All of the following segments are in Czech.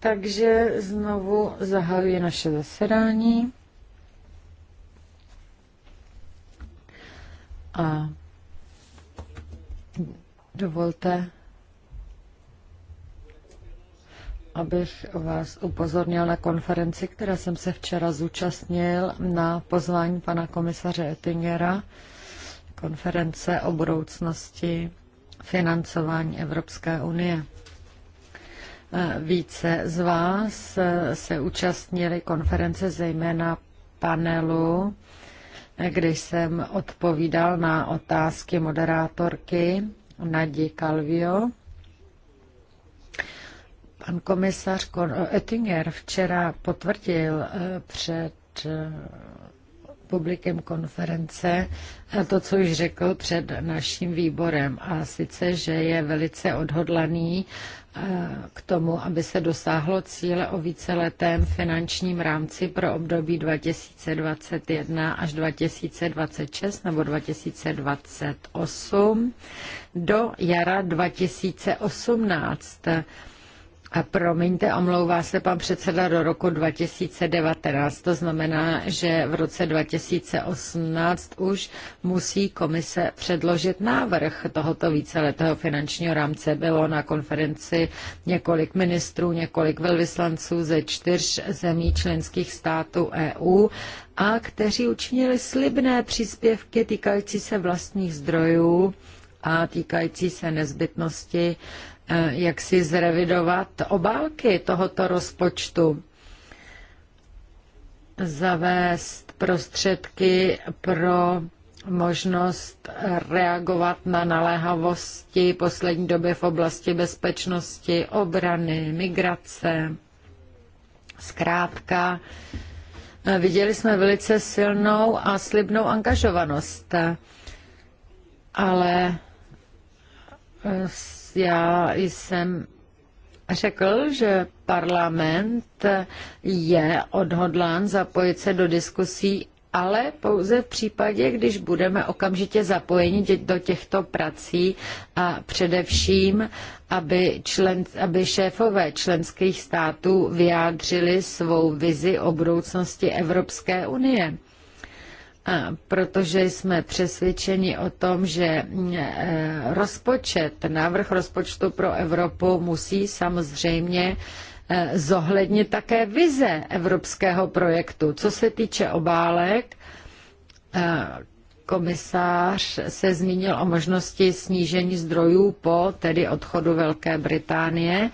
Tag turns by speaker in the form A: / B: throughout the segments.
A: Takže znovu zahajuji naše zasedání. A dovolte, abych vás upozornil na konferenci, která jsem se včera zúčastnil na pozvání pana komisaře Ettingera, konference o budoucnosti financování Evropské unie. E, více z vás e, se účastnili konference zejména panelu, e, když jsem odpovídal na otázky moderátorky Nadí Calvio. Pan komisař Oettinger včera potvrdil před publikem konference a to, co už řekl před naším výborem. A sice, že je velice odhodlaný eh, k tomu, aby se dosáhlo cíle o víceletém finančním rámci pro období 2021 až 2026 nebo 2028 do jara 2018 a promiňte, omlouvá se pan předseda do roku 2019, to znamená, že v roce 2018 už musí komise předložit návrh tohoto víceletého finančního rámce. Bylo na konferenci několik ministrů, několik velvyslanců ze čtyř zemí členských států EU a kteří učinili slibné příspěvky týkající se vlastních zdrojů a týkající se nezbytnosti Eh, jak si zrevidovat obálky tohoto rozpočtu, zavést prostředky pro možnost reagovat na naléhavosti poslední doby v oblasti bezpečnosti, obrany, migrace. Zkrátka, eh, viděli jsme velice silnou a slibnou angažovanost, ale s eh, já jsem řekl, že parlament je odhodlán zapojit se do diskusí, ale pouze v případě, když budeme okamžitě zapojeni do těchto prací a především, aby, člen, aby šéfové členských států vyjádřili svou vizi o budoucnosti Evropské unie protože jsme přesvědčeni o tom, že eh, rozpočet, návrh rozpočtu pro Evropu musí samozřejmě eh, zohlednit také vize evropského projektu. Co se týče obálek, eh, komisář se zmínil o možnosti snížení zdrojů po tedy odchodu Velké Británie.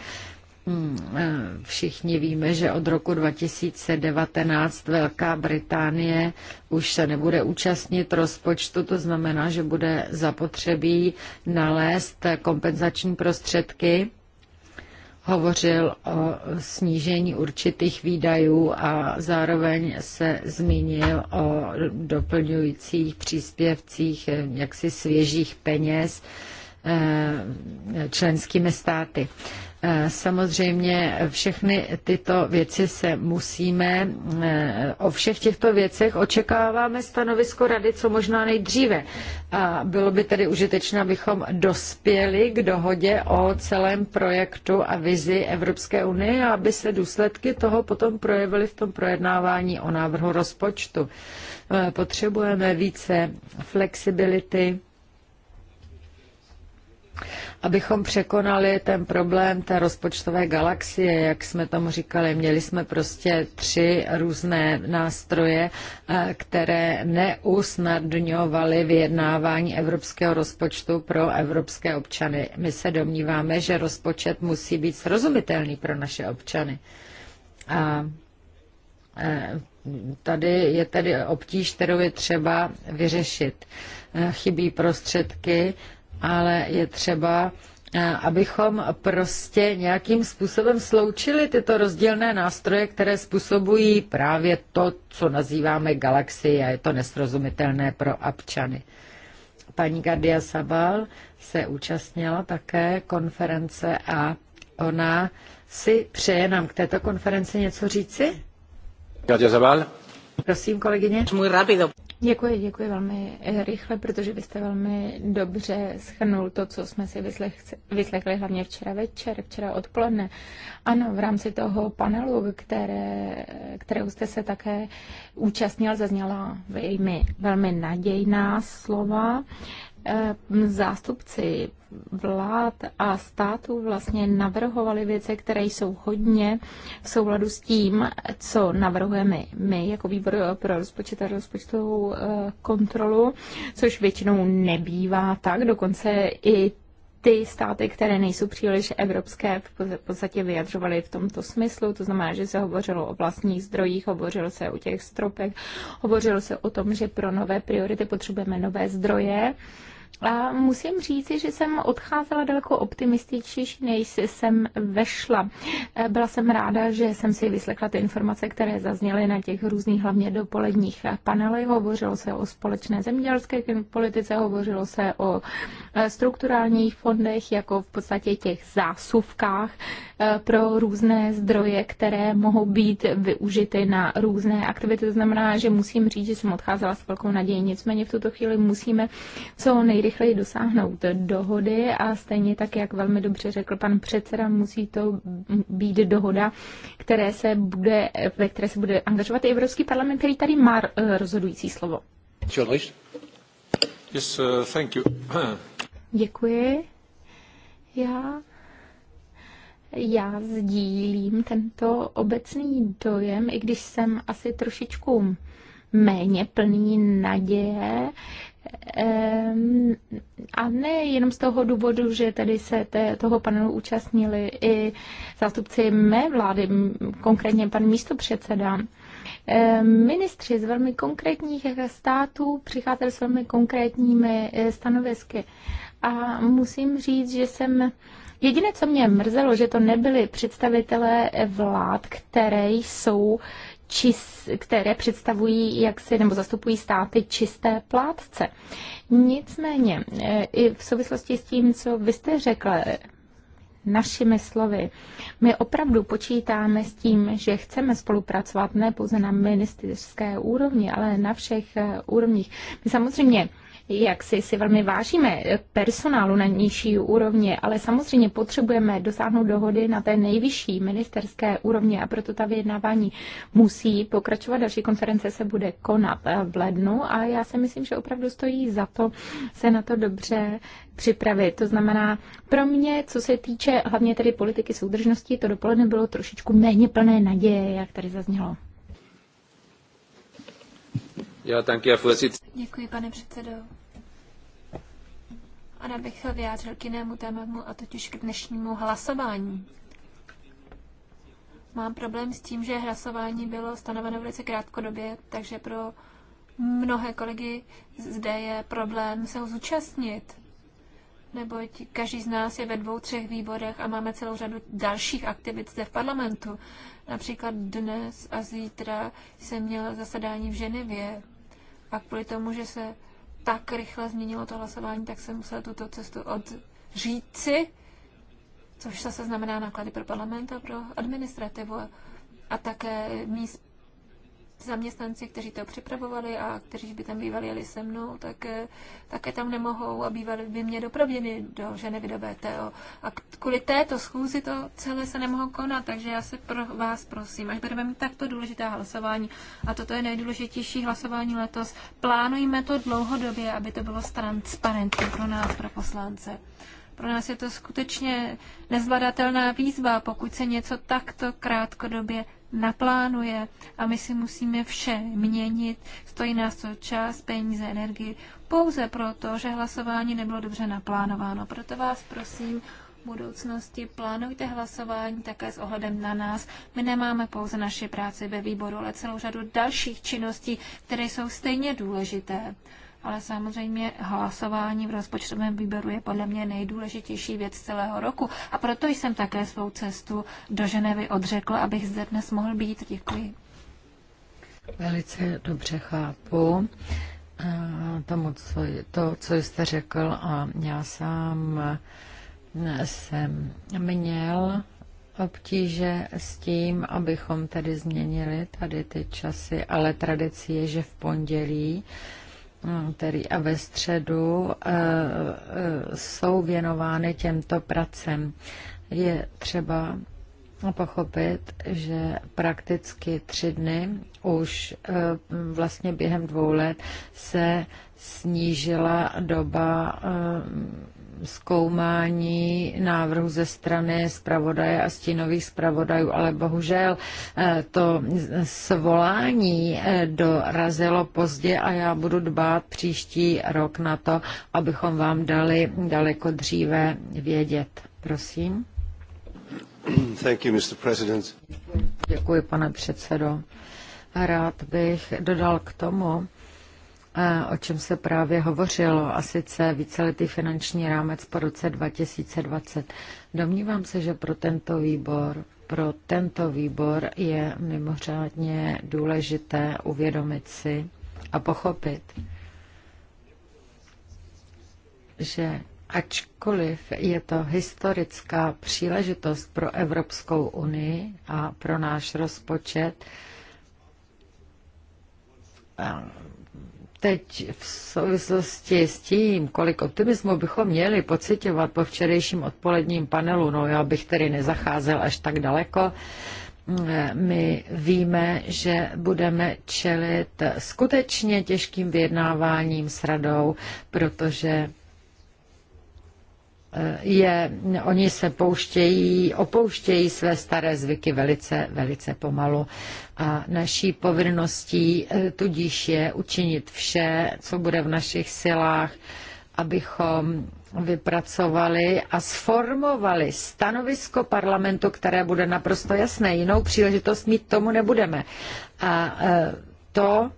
A: Hmm, eh, všichni víme, že od roku 2019 Velká Británie už se nebude účastnit rozpočtu, to znamená, že bude zapotřebí nalézt kompenzační prostředky. Hovořil o snížení určitých výdajů a zároveň se zmínil o doplňujících příspěvcích eh, jaksi svěžích peněz eh, členskými státy. Eh, samozřejmě všechny tyto věci se musíme, eh, o všech těchto věcech očekáváme stanovisko rady co možná nejdříve. A bylo by tedy užitečné, abychom dospěli k dohodě o celém projektu a vizi Evropské unie, aby se důsledky toho potom projevily v tom projednávání o návrhu rozpočtu. Eh, potřebujeme více flexibility, Abychom překonali ten problém té rozpočtové galaxie, jak jsme tomu říkali, měli jsme prostě tři různé nástroje, eh, které neusnadňovaly vyjednávání evropského rozpočtu pro evropské občany. My se domníváme, že rozpočet musí být srozumitelný pro naše občany. A eh, tady je tedy obtíž, kterou je třeba vyřešit. Eh, chybí prostředky ale je třeba eh, abychom prostě nějakým způsobem sloučili tyto rozdílné nástroje, které způsobují právě to, co nazýváme galaxii a je to nesrozumitelné pro občany. Paní Gardia Sabal se účastnila také konference a ona si přeje nám k této konferenci něco říci? Gardia Sabal. Prosím, kolegyně. Muy rápido. Děkuji, děkuji velmi eh, rychle, protože vy jste velmi dobře
B: schrnul to, co jsme si vyslechli, vyslechli hlavně včera večer, včera odpoledne. Ano, v rámci toho panelu, které, kterého jste se také účastnil, zazněla velmi, velmi nadějná slova. Eh, zástupci vlád a států vlastně navrhovali věci, které jsou hodně v souladu s tím, co navrhujeme my jako výbor pro rozpočet a rozpočtovou eh, kontrolu, což většinou nebývá tak, dokonce i ty státy, které nejsou příliš evropské, v podstatě vyjadřovaly v tomto smyslu. To znamená, že se hovořilo o vlastních zdrojích, hovořilo se o těch stropech, hovořilo se o tom, že pro nové priority potřebujeme nové zdroje. Uh, a musím říci, že jsem odcházela daleko optimističtější, než jsem vešla. Byla jsem ráda, že jsem si vyslechla ty informace, které zazněly na těch různých hlavně dopoledních panelech. Hovořilo se o společné zemědělské politice, hovořilo se o strukturálních fondech, jako v podstatě těch zásuvkách pro různé zdroje, které mohou být využity na různé aktivity. To znamená, že musím říct, že jsem odcházela s velkou nadějí. Nicméně v tuto chvíli musíme co nejrychleji rychleji dosáhnout dohody a stejně tak, jak velmi dobře řekl pan předseda, musí to být dohoda, které se bude, ve které se bude angažovat i Evropský parlament, který tady má eh, rozhodující slovo. Yes, uh, thank you. Děkuji. Já já sdílím tento obecný dojem, i když jsem asi trošičku méně plný naděje, a ne jenom z toho důvodu, že tady se té, toho panelu účastnili i zástupci mé vlády, konkrétně pan místopředseda, ministři z velmi konkrétních států přicházeli s velmi konkrétními eh, stanovisky. A musím říct, že jsem Jediné, co mě mrzelo, že to nebyly představitelé vlád, které jsou čis, které představují, jak si nebo zastupují státy čisté plátce. Nicméně, e, i v souvislosti s tím, co vy jste řekla, e, našimi slovy. My opravdu počítáme s tím, že chceme spolupracovat ne pouze na ministerské úrovni, ale na všech e, úrovních. My samozřejmě jak si, si velmi vážíme personálu na nižší úrovni, ale samozřejmě potřebujeme dosáhnout dohody na té nejvyšší ministerské úrovni a proto ta vyjednávání musí pokračovat. Další konference se bude konat eh, v lednu a já si myslím, že opravdu stojí za to se na to dobře připravit. To znamená, pro mě, co se týče hlavně tedy politiky soudržnosti, to dopoledne bylo trošičku méně plné naděje, jak tady zaznělo.
C: Děkuji, pane předsedo. A rád bych se vyjádřil k jinému tématu, a totiž k dnešnímu hlasování. Mám problém s tím, že hlasování bylo stanoveno velice krátkodobě, takže pro mnohé kolegy zde je problém se ho zúčastnit. Neboť každý z nás je ve dvou, třech výborech a máme celou řadu dalších aktivit zde v parlamentu. Například dnes a zítra jsem měla zasedání v Ženevě a kvůli tomu, že se tak rychle změnilo to hlasování, tak jsem musela tuto cestu odříci, což zase znamená náklady pro parlament a pro administrativu a také míst zaměstnanci, kteří to připravovali a kteří by tam bývali jeli se mnou, tak eh, také tam nemohou a bývali by mě doprověny do ženy do VTO. A kvůli této schůzi to celé se nemohou konat, takže já se pro vás prosím, až budeme mít takto důležitá hlasování, a toto je nejdůležitější hlasování letos, plánujme to dlouhodobě, aby to bylo transparentní pro nás, pro poslance. Pro nás je to skutečně nezvladatelná výzva, pokud se něco takto krátkodobě naplánuje a my si musíme vše měnit. Stojí nás to čas, peníze, energii, pouze proto, že hlasování nebylo dobře naplánováno. Proto vás prosím, v budoucnosti plánujte hlasování také s ohledem na nás. My nemáme pouze naši práci ve výboru, ale celou řadu dalších činností, které jsou stejně důležité ale samozřejmě hlasování v rozpočtovém výboru je podle mě nejdůležitější věc celého roku. A proto jsem také svou cestu do Ženevy odřekl, abych zde dnes mohl být. Děkuji.
A: Velice dobře chápu eh, tomu, co, to, co jste řekl a já sám eh, jsem měl obtíže s tím, abychom tedy změnili tady ty časy, ale tradici je, že v pondělí uh, který a ve středu eh, eh, jsou věnovány těmto pracem. Je třeba pochopit, že prakticky tři dny už eh, vlastně během dvou let se snížila doba zkoumání návrhu ze strany zpravodaje a stínových zpravodajů, ale bohužel eh, to svolání eh, dorazilo pozdě a já budu dbát příští rok na to, abychom vám dali daleko dříve vědět. Prosím.
C: Thank you, Mr. President.
A: Děkuji, pane předsedo. Rád bych dodal k tomu, E, o čem se právě hovořilo, a sice víceletý finanční rámec po roce 2020. Domnívám se, že pro tento výbor pro tento výbor je mimořádně důležité uvědomit si a pochopit, že ačkoliv je to historická příležitost pro Evropskou unii a pro náš rozpočet, Teď v souvislosti s tím, kolik optimismu bychom měli pocitovat po včerejším odpoledním panelu, no já bych tedy nezacházel až tak daleko, my víme, že budeme čelit skutečně těžkým vyjednáváním s radou, protože Eh, je, oni se pouštějí, opouštějí své staré zvyky velice, velice pomalu. A naší povinností eh, tudíž je učinit vše, co bude v našich silách, abychom vypracovali a sformovali stanovisko parlamentu, které bude naprosto jasné. Jinou příležitost mít tomu nebudeme. A eh, to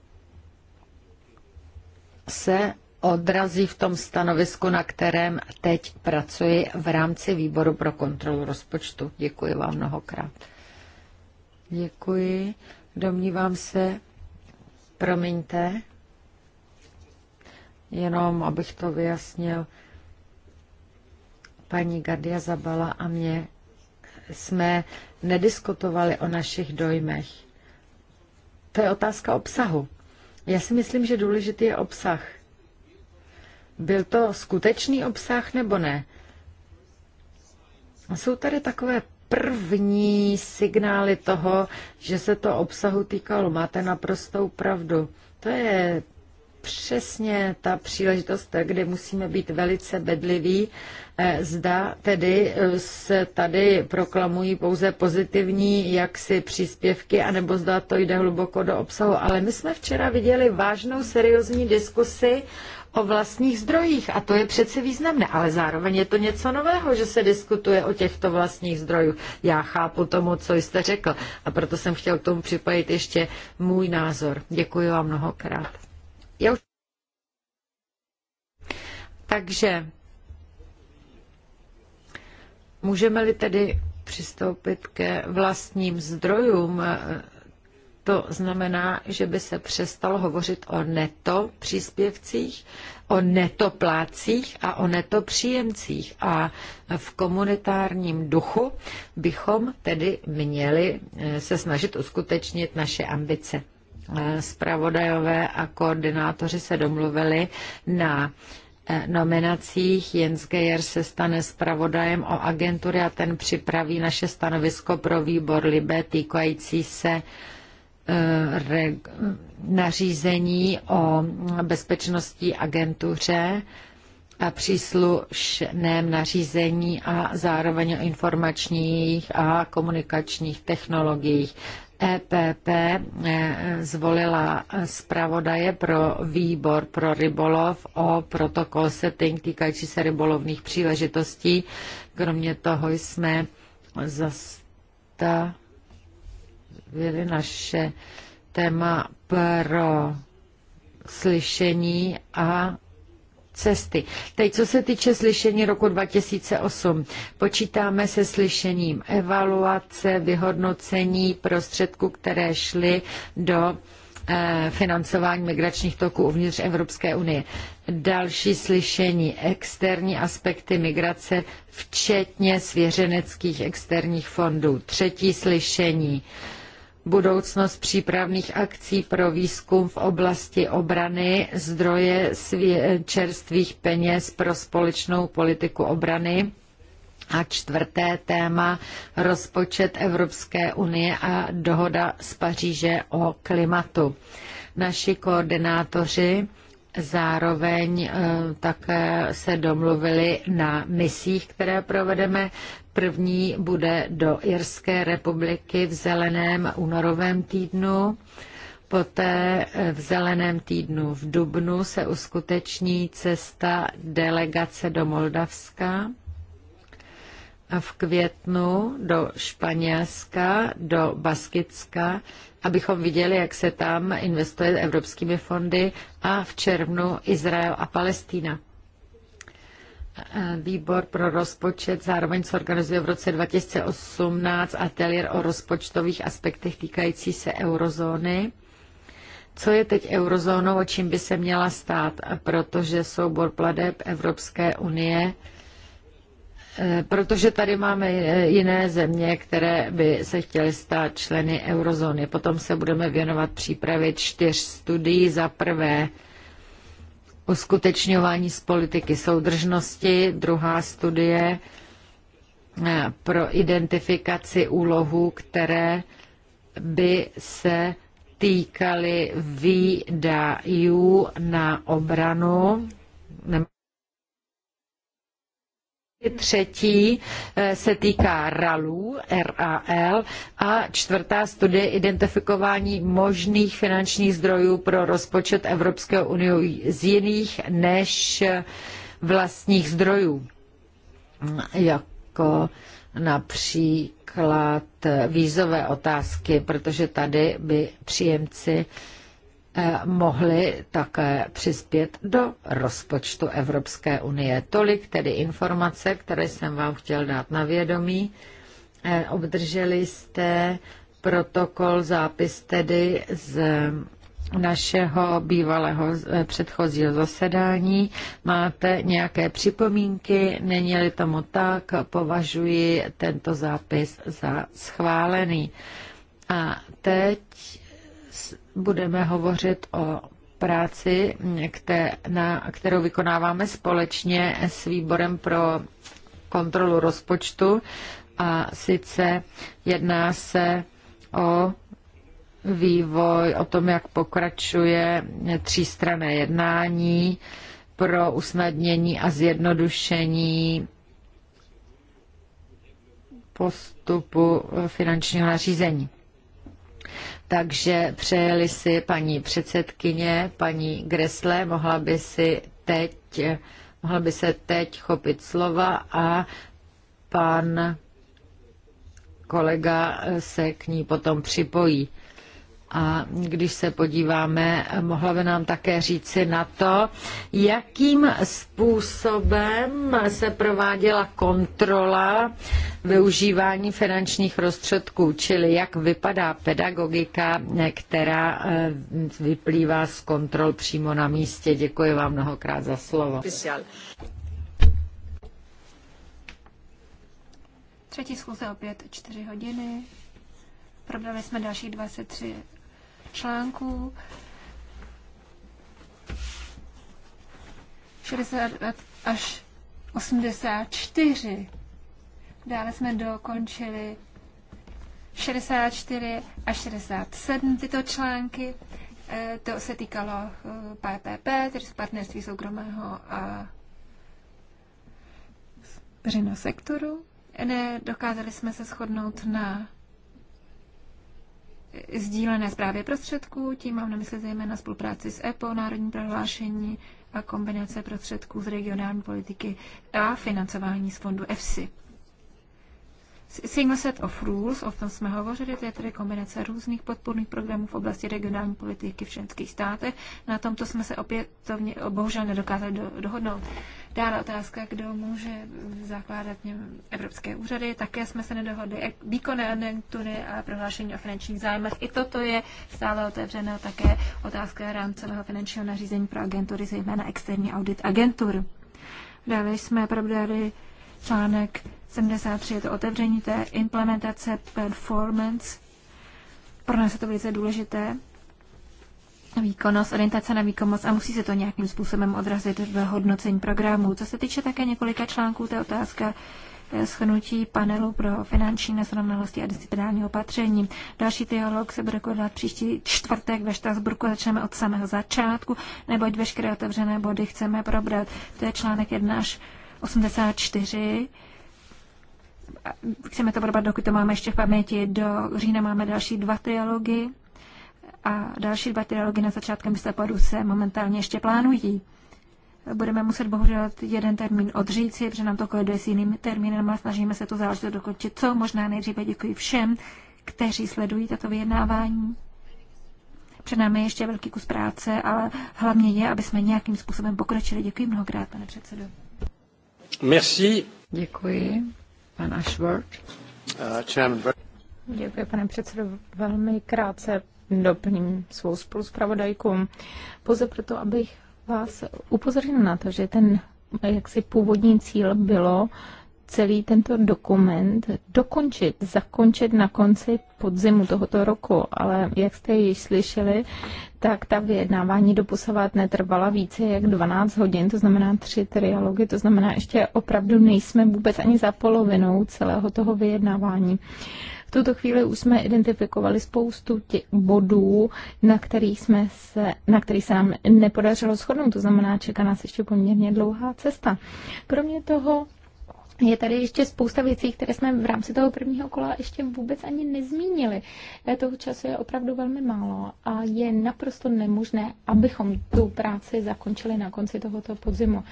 A: se odrazí v tom stanovisku, na kterém teď pracuji v rámci výboru pro kontrolu rozpočtu. Děkuji vám mnohokrát. Děkuji. Domnívám se, promiňte, jenom abych to vyjasnil, paní Gardia Zabala a mě jsme nediskutovali o našich dojmech. To je otázka obsahu. Já si myslím, že důležitý je obsah. Byl to skutečný obsah nebo ne? Jsou tady takové první signály toho, že se to obsahu týkalo. Máte naprostou pravdu. To je přesně ta příležitost, kde musíme být velice bedliví. Eh, zda tedy eh, se tady proklamují pouze pozitivní jaksi příspěvky, anebo zda to jde hluboko do obsahu. Ale my jsme včera viděli vážnou, seriózní diskusi o vlastních zdrojích a to je přece významné, ale zároveň je to něco nového, že se diskutuje o těchto vlastních zdrojích. Já chápu tomu, co jste řekl a proto jsem chtěl k tomu připojit ještě můj názor. Děkuji vám mnohokrát. Já už... Takže můžeme-li tedy přistoupit ke vlastním zdrojům to znamená, že by se přestalo hovořit o neto příspěvcích, o neto plácích a o neto příjemcích. A v komunitárním duchu bychom tedy měli eh, se snažit uskutečnit naše ambice. Eh, Spravodajové a koordinátoři se domluvili na eh, nominacích. Jens Geier se stane zpravodajem o agentury a ten připraví naše stanovisko pro výbor Libé týkající se uh, nařízení o bezpečnostní agentuře a příslušném nařízení a zároveň o informačních a komunikačních technologiích. EPP eh, zvolila zpravodaje pro výbor pro rybolov o protokol setting týkající se rybolovných příležitostí. Kromě toho jsme zastavili byly naše téma pro slyšení a cesty. Teď, co se týče slyšení roku 2008, počítáme se slyšením evaluace, vyhodnocení prostředků, které šly do eh, financování migračních toků uvnitř Evropské unie. Další slyšení externí aspekty migrace, včetně svěřeneckých externích fondů. Třetí slyšení eh, budoucnost přípravných akcí pro výzkum v oblasti obrany, zdroje čerstvých peněz pro společnou politiku obrany a čtvrté téma rozpočet Evropské unie a dohoda z Paříže o klimatu. Naši koordinátoři Zároveň eh, také se domluvili na misích, které provedeme První bude do Irské republiky v zeleném únorovém týdnu. Poté v zeleném týdnu v Dubnu se uskuteční cesta delegace do Moldavska a v květnu do Španělska, do Baskicka, abychom viděli, jak se tam investuje evropskými fondy a v červnu Izrael a Palestína. E, výbor pro rozpočet zároveň se organizuje v roce 2018 ateliér o rozpočtových aspektech týkající se eurozóny. Co je teď eurozónou, o čím by se měla stát, protože soubor pladeb Evropské unie e, Protože tady máme e, jiné země, které by se chtěly stát členy eurozóny. Potom se budeme věnovat přípravě čtyř studií. Za prvé uskutečňování z politiky soudržnosti, druhá studie eh, pro identifikaci úlohů, které by se týkaly výdajů na obranu Třetí eh, se týká RALů, RAL, a čtvrtá studie identifikování možných finančních zdrojů pro rozpočet Evropské unie z jiných než vlastních zdrojů, jako například vízové otázky, protože tady by příjemci mohli také přispět do rozpočtu Evropské unie. Tolik tedy informace, které jsem vám chtěl dát na vědomí. Eh, obdrželi jste protokol, zápis tedy z našeho bývalého eh, předchozího zasedání. Máte nějaké připomínky? Není-li tomu tak, považuji tento zápis za schválený. A teď budeme hovořit o práci, kterou vykonáváme společně s výborem pro kontrolu rozpočtu. A sice jedná se o vývoj, o tom, jak pokračuje třístrané jednání pro usnadnění a zjednodušení postupu finančního nařízení. Takže přejeli si paní předsedkyně, paní Gresle, mohla by si teď, mohla by se teď chopit slova a pan kolega se k ní potom připojí. A když se podíváme, mohla by nám také říci na to, jakým způsobem se prováděla kontrola využívání finančních prostředků, čili jak vypadá pedagogika, která eh, vyplývá z kontrol přímo na místě. Děkuji vám mnohokrát za slovo.
C: Třetí schůze opět čtyři hodiny. Probrali jsme další 23 článků. 60 až 84. Dále jsme dokončili 64 až 67 tyto články. Eh, to se týkalo PPP, eh, tedy partnerství soukromého a veřejného sektoru. Ne, dokázali jsme se shodnout na sdílené zprávy prostředků, tím mám na mysli zejména spolupráci s EPO, národní prohlášení a kombinace prostředků z regionální politiky a financování z fondu EFSI. Single set of rules, o tom jsme hovořili, to je tedy kombinace různých podpůrných programů v oblasti regionální politiky v členských státech. Na tomto jsme se opětovně bohužel nedokázali do, dohodnout. Dále otázka, kdo může zakládat něm evropské úřady. Také jsme se nedohodli e, výkonné agentury a prohlášení o finančních zájmech. I toto je stále otevřeno také otázka rámcového finančního nařízení pro agentury, zejména externí audit agentur. Dále jsme probrali Článek 73 je to otevření té implementace performance. Pro nás je to velice důležité. Výkonnost, orientace na výkonnost a musí se to nějakým způsobem odrazit v hodnocení programů. Co se týče také několika článků, to je otázka eh, schnutí panelu pro finanční nesrovnalosti a disciplinární opatření. Další dialog se bude konat příští čtvrtek ve Štrasburku. Začneme od samého začátku, neboť veškeré otevřené body chceme probrat. To je článek 1 až 84. Chceme to probrat, dokud to máme ještě v paměti. Do října máme další dva trialogy a další dva trialogy na začátkem listopadu se momentálně ještě plánují. Budeme muset bohužel jeden termín odříci, protože nám to koliduje s jiným termínem a snažíme se to záležitost dokončit co možná nejdříve. Děkuji všem, kteří sledují tato vyjednávání. Před námi je ještě velký kus práce, ale hlavně je, aby jsme nějakým způsobem pokročili. Děkuji mnohokrát, pane předsedo.
A: Merci. Děkuji. Pan Ashworth. Uh, Děkuji,
B: pane předsedo. Velmi krátce doplním svou spoluzpravodajku. Pouze proto, abych vás upozornil na to, že ten jaksi původní cíl bylo celý tento dokument dokončit, zakončit na konci podzimu tohoto roku, ale jak jste již slyšeli, tak ta vyjednávání doposovat netrvala více jak 12 hodin, to znamená tři trialogy, to znamená ještě opravdu nejsme vůbec ani za polovinou celého toho vyjednávání. V tuto chvíli už jsme identifikovali spoustu těch bodů, na kterých, jsme se, na kterých se nám nepodařilo shodnout, to znamená, čeká nás ještě poměrně dlouhá cesta. Kromě toho je tady ještě spousta věcí, které jsme v rámci toho prvního kola ještě vůbec ani nezmínili. Toho času je opravdu velmi málo a je naprosto nemožné, abychom tu práci zakončili na konci tohoto podzimu.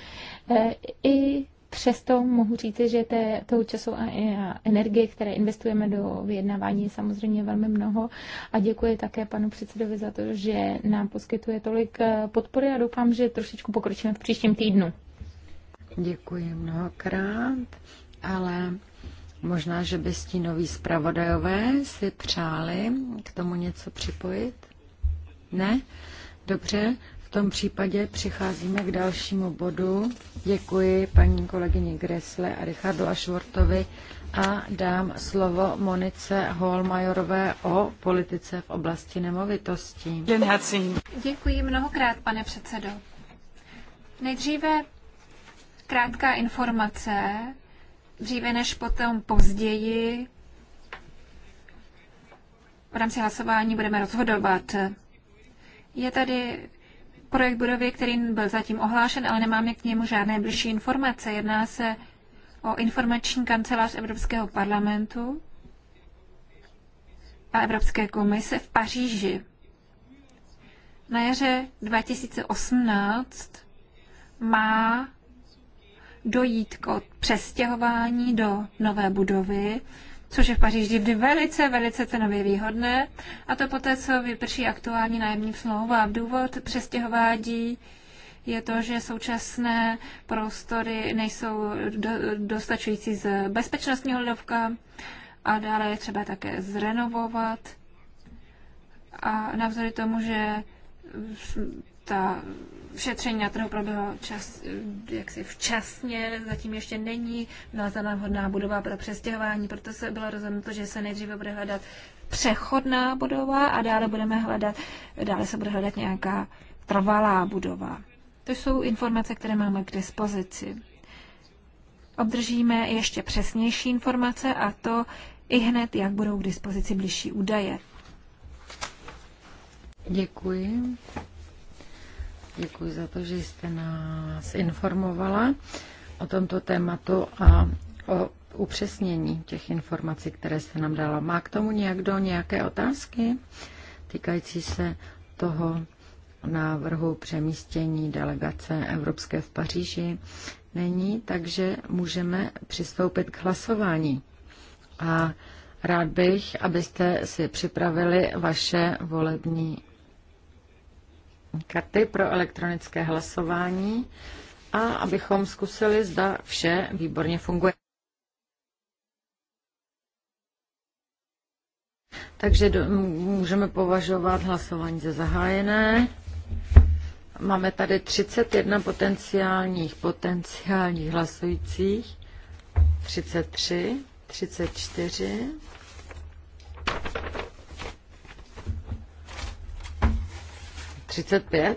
B: E, I Přesto mohu říci, že té, toho času a energie, které investujeme do vyjednávání, je samozřejmě velmi mnoho a děkuji také panu předsedovi za to, že nám poskytuje tolik e, podpory a doufám, že trošičku pokročíme v příštím týdnu.
A: Děkuji mnohokrát, ale možná, že by stínoví zpravodajové si přáli k tomu něco připojit? Ne? Dobře, v tom případě přicházíme k dalšímu bodu. Děkuji paní kolegyni Gresle a Richardu Ašvortovi a dám slovo Monice Holmajorové o politice v oblasti nemovitostí.
C: Děkuji mnohokrát, pane předsedo. Nejdříve krátká informace, dříve než potom později v rámci hlasování budeme rozhodovat. Je tady projekt budovy, který byl zatím ohlášen, ale nemáme k němu žádné bližší informace. Jedná se o informační kancelář Evropského parlamentu a Evropské komise v Paříži. Na jaře 2018 má dojít k přestěhování do nové budovy, což je v Paříži vždy velice, velice cenově výhodné. A to poté, co vyprší aktuální nájemní smlouva. Důvod přestěhování je to, že současné prostory nejsou do, dostačující z bezpečnostního hledovka a dále je třeba také zrenovovat. A navzory tomu, že ta šetření na trhu proběhlo čas, eh, jaksi včasně, zatím ještě není nalezena vhodná budova pro přestěhování, proto se bylo rozhodnuto, že se nejdříve bude hledat přechodná budova a dále budeme hledat, dále se bude hledat nějaká trvalá budova. To jsou informace, které máme k dispozici. Obdržíme ještě přesnější informace a to i hned, jak budou k dispozici bližší
A: údaje. Děkuji. Děkuji za to, že jste nás informovala o tomto tématu a o upřesnění těch informací, které jste nám dala. Má k tomu někdo nějaké otázky týkající se toho návrhu přemístění delegace Evropské v Paříži? Není, takže můžeme přistoupit k hlasování. A rád bych, abyste si připravili vaše volební karty pro elektronické hlasování a abychom zkusili, zda vše výborně funguje. Takže do, můžeme považovat hlasování za zahájené. Máme tady 31 potenciálních, potenciálních hlasujících. 33, 34, 35.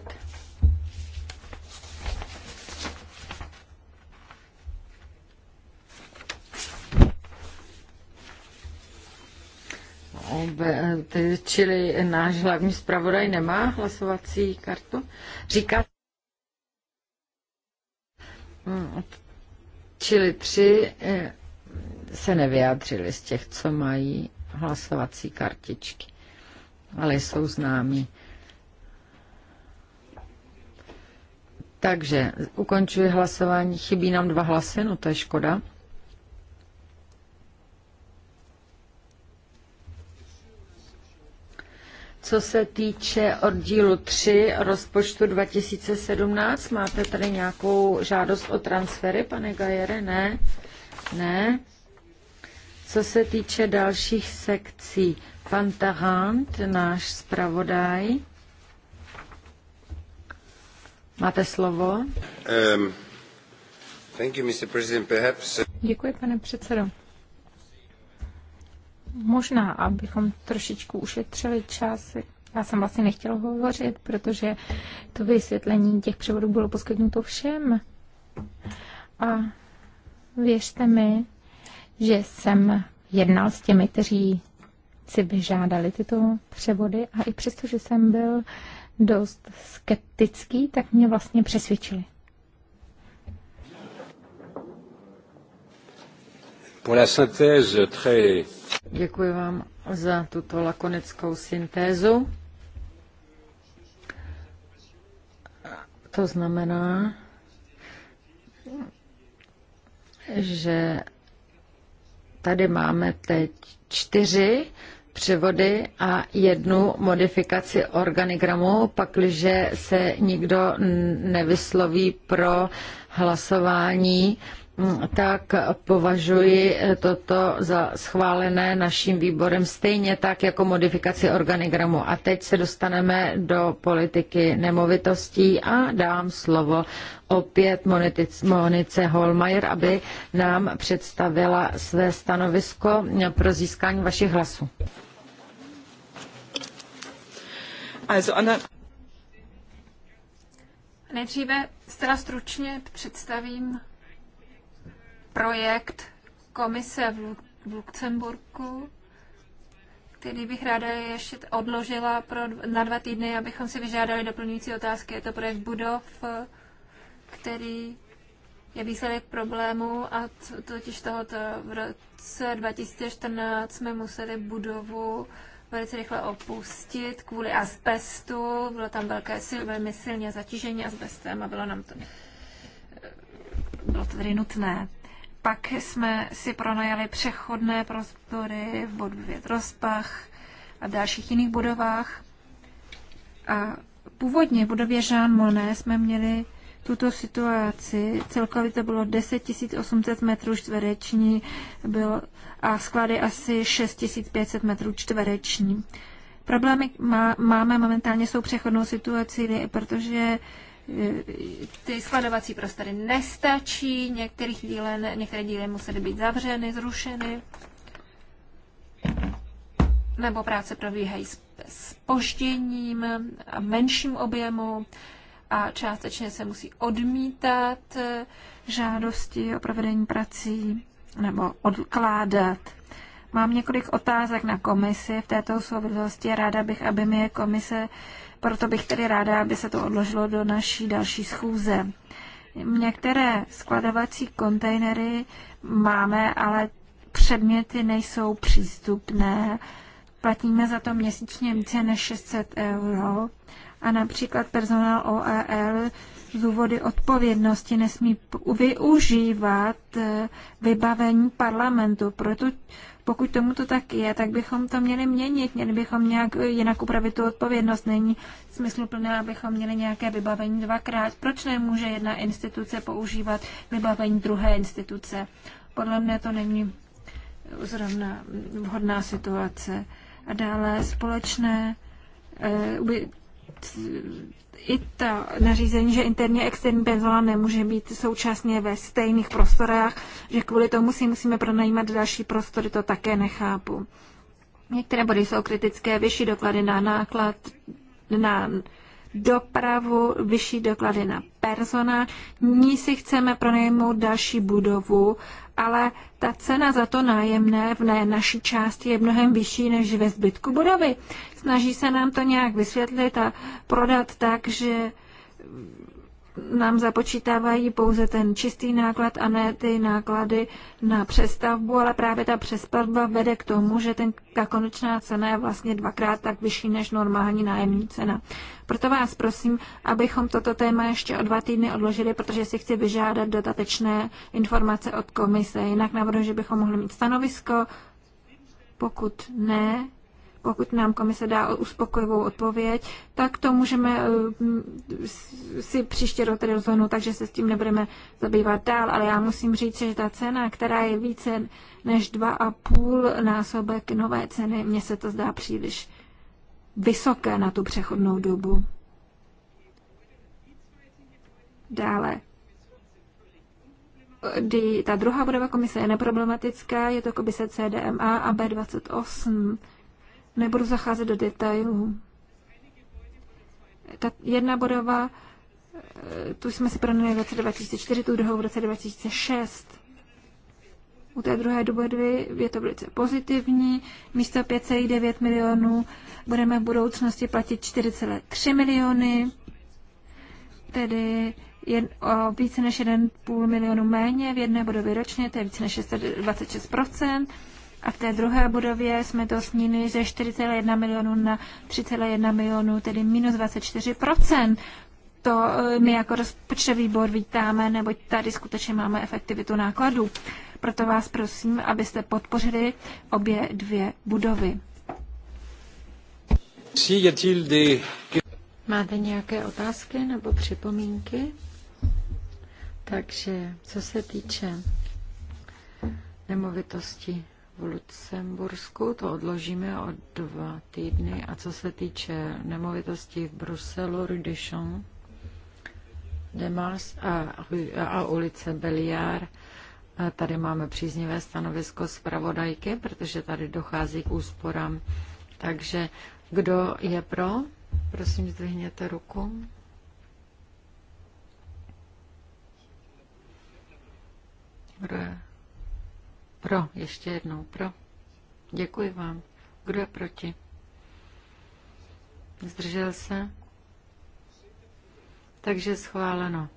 A: No, čili náš hlavní zpravodaj nemá hlasovací kartu. Říká hmm, Čili tři eh, se nevyjádřili z těch, co mají hlasovací kartičky, ale jsou známí. Takže ukončuji hlasování. Chybí nám dva hlasy, no to je škoda. Co se týče oddílu 3 rozpočtu 2017, máte tady nějakou žádost o transfery, pane Gajere? Ne? Ne? Co se týče dalších sekcí, pan Tahant, náš zpravodaj. Máte slovo.
C: Um, thank you, Mr. President. Perhaps...
A: Uh,
B: Děkuji, pane předsedo. Možná, abychom trošičku ušetřili čas, já jsem vlastně nechtěla hovořit, protože to vysvětlení těch převodů bylo poskytnuto všem. A věřte mi, že jsem jednal s těmi, kteří si vyžádali tyto převody a i přesto, že jsem byl dost skeptický,
A: tak mě vlastně přesvědčili. Děkuji vám za tuto lakonickou syntézu. To znamená, že tady máme teď čtyři převody a jednu modifikaci organigramu, pakliže se nikdo nevysloví pro hlasování, tak považuji toto za schválené naším výborem stejně tak jako modifikaci organigramu. A teď se dostaneme do politiky nemovitostí a dám slovo opět Monice Holmajer, aby nám představila své stanovisko pro získání vašich hlasů. Also Anna...
C: Nejdříve zcela stručně představím projekt komise v, v Luxemburku, který bych ráda ještě odložila pro, na dva týdny, abychom si vyžádali doplňující otázky. Je to projekt budov, který je výsledek problému a totiž tohoto v roce 2014 jsme museli budovu velice rychle opustit kvůli asbestu. Bylo tam velké, velmi silně zatížení asbestem a bylo nám to, eh, bylo to tedy nutné. Pak jsme si pronajali přechodné prostory v budově Drospach a v dalších jiných budovách. A původně v budově Jean Monnet jsme měli tuto situaci. Celkově to bylo 10 800 metrů čtvereční byl, a sklady asi 6 500 metrů čtvereční. Problémy má, máme momentálně jsou přechodnou situaci, protože e, ty skladovací prostory nestačí, některých díle, některé díly musely být zavřeny, zrušeny, nebo práce probíhají s, s požděním a menším objemu a částečně se musí odmítat eh, žádosti o provedení prací nebo odkládat. Mám několik otázek na komisi v této souvislosti. Ráda bych, aby mi je komise, proto bych tedy ráda, aby se to odložilo do naší další schůze. Některé skladovací kontejnery máme, ale předměty nejsou přístupné. Platíme za to měsíčně více než 600 euro a například personál OEL z důvody odpovědnosti nesmí využívat eh, vybavení parlamentu. Proto pokud tomu to tak je, tak bychom to měli měnit, měli bychom nějak eh, jinak upravit tu odpovědnost. Není smysluplné, abychom měli nějaké vybavení dvakrát. Proč nemůže jedna instituce používat vybavení druhé instituce? Podle mne to není zrovna vhodná situace. A dále společné eh, i to nařízení, že interní a externí benzola nemůže být současně ve stejných prostorách, že kvůli tomu si musíme pronajímat další prostory, to také nechápu. Některé body jsou kritické, vyšší doklady na náklad, na dopravu, vyšší doklady na personál. Ní si chceme pronajmout další budovu, ale ta cena za to nájemné v ne naší části je mnohem vyšší než ve zbytku budovy. Snaží se nám to nějak vysvětlit a prodat tak, že nám započítávají pouze ten čistý náklad a ne ty náklady na přestavbu, ale právě ta přestavba vede k tomu, že ten, ta konečná cena je vlastně dvakrát tak vyšší než normální nájemní cena. Proto vás prosím, abychom toto téma ještě o dva týdny odložili, protože si chci vyžádat dodatečné informace od komise. Jinak navrhuji, že bychom mohli mít stanovisko, pokud ne, pokud nám komise dá uspokojivou odpověď, tak to můžeme eh, mm, si příště tedy rozhodnout, takže se s tím nebudeme zabývat dál. Ale já musím říct, že ta cena, která je více než 2,5 násobek nové ceny, mně se to zdá příliš vysoké na tu přechodnou dobu. Dále kdy ta druhá budova komise je neproblematická, je to komise CDMA a B28. Nebudu zacházet do detailů. Ta jedna bodová, eh, tu jsme si pronali v roce 2004, tu druhou v roce 2006. U té druhé doby je to velice pozitivní. Místo 5,9 milionů budeme v budoucnosti platit 4,3 miliony, tedy jen, o více než 1,5 milionu méně v jedné budově ročně, to je více než 626 a v té druhé budově jsme to snížili ze 4,1 milionů na 3,1 milionů, tedy minus 24 To eh, my jako rozpočtový výbor vítáme, neboť tady skutečně máme efektivitu nákladů. Proto vás prosím, abyste podpořili obě dvě budovy.
A: Máte nějaké otázky nebo připomínky? Takže co se týče nemovitosti v Lucembursku, to odložíme o dva týdny. A co se týče nemovitostí v Bruselu, Rue de Champs, Demas a, a ulice Beliar, tady máme příznivé stanovisko zpravodajky, protože tady dochází k úsporám. Takže kdo je pro? Prosím, zdvihněte ruku. Kdo je pro, ještě jednou, pro. Děkuji vám. Kdo je proti? Zdržel se? Takže schváleno.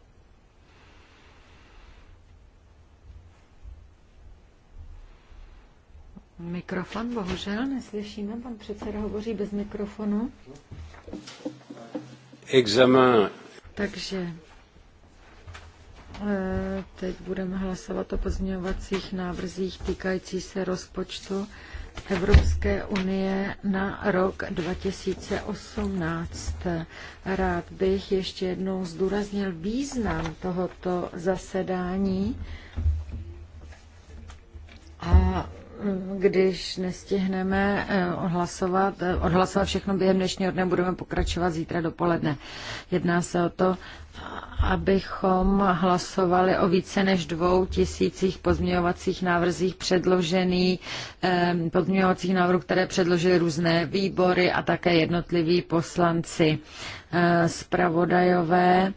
A: Mikrofon, bohužel, neslyšíme. Pan předseda hovoří bez mikrofonu.
C: Examen.
A: Takže E, teď budeme hlasovat o pozměňovacích návrzích týkající se rozpočtu Evropské unie na rok 2018. Rád bych ještě jednou zdůraznil význam tohoto zasedání a když nestihneme eh, odhlasovat, eh, odhlasovat všechno během dnešního dne, budeme pokračovat zítra dopoledne. Jedná se o to, abychom hlasovali o více než dvou tisících pozměňovacích návrzích předložených, eh, pozměňovacích návrhů, které předložily různé výbory a také jednotliví poslanci zpravodajové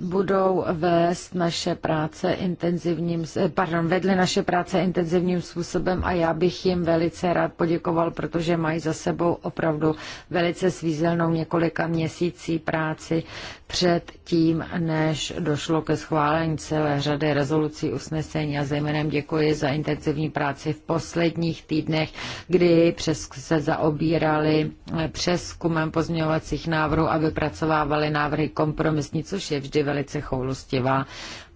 A: budou vést naše práce intenzivním, pardon, vedli naše práce intenzivním způsobem a já bych jim velice rád poděkoval, protože mají za sebou opravdu velice svízelnou několika měsící práci před tím, než došlo ke schválení celé řady rezolucí usnesení a zejména děkuji za intenzivní práci v posledních týdnech, kdy přes, se zaobírali eh, přeskumem pozměňovacích návrhů a vypracovávali návrhy kompromisní, což je vždy velice choulostivá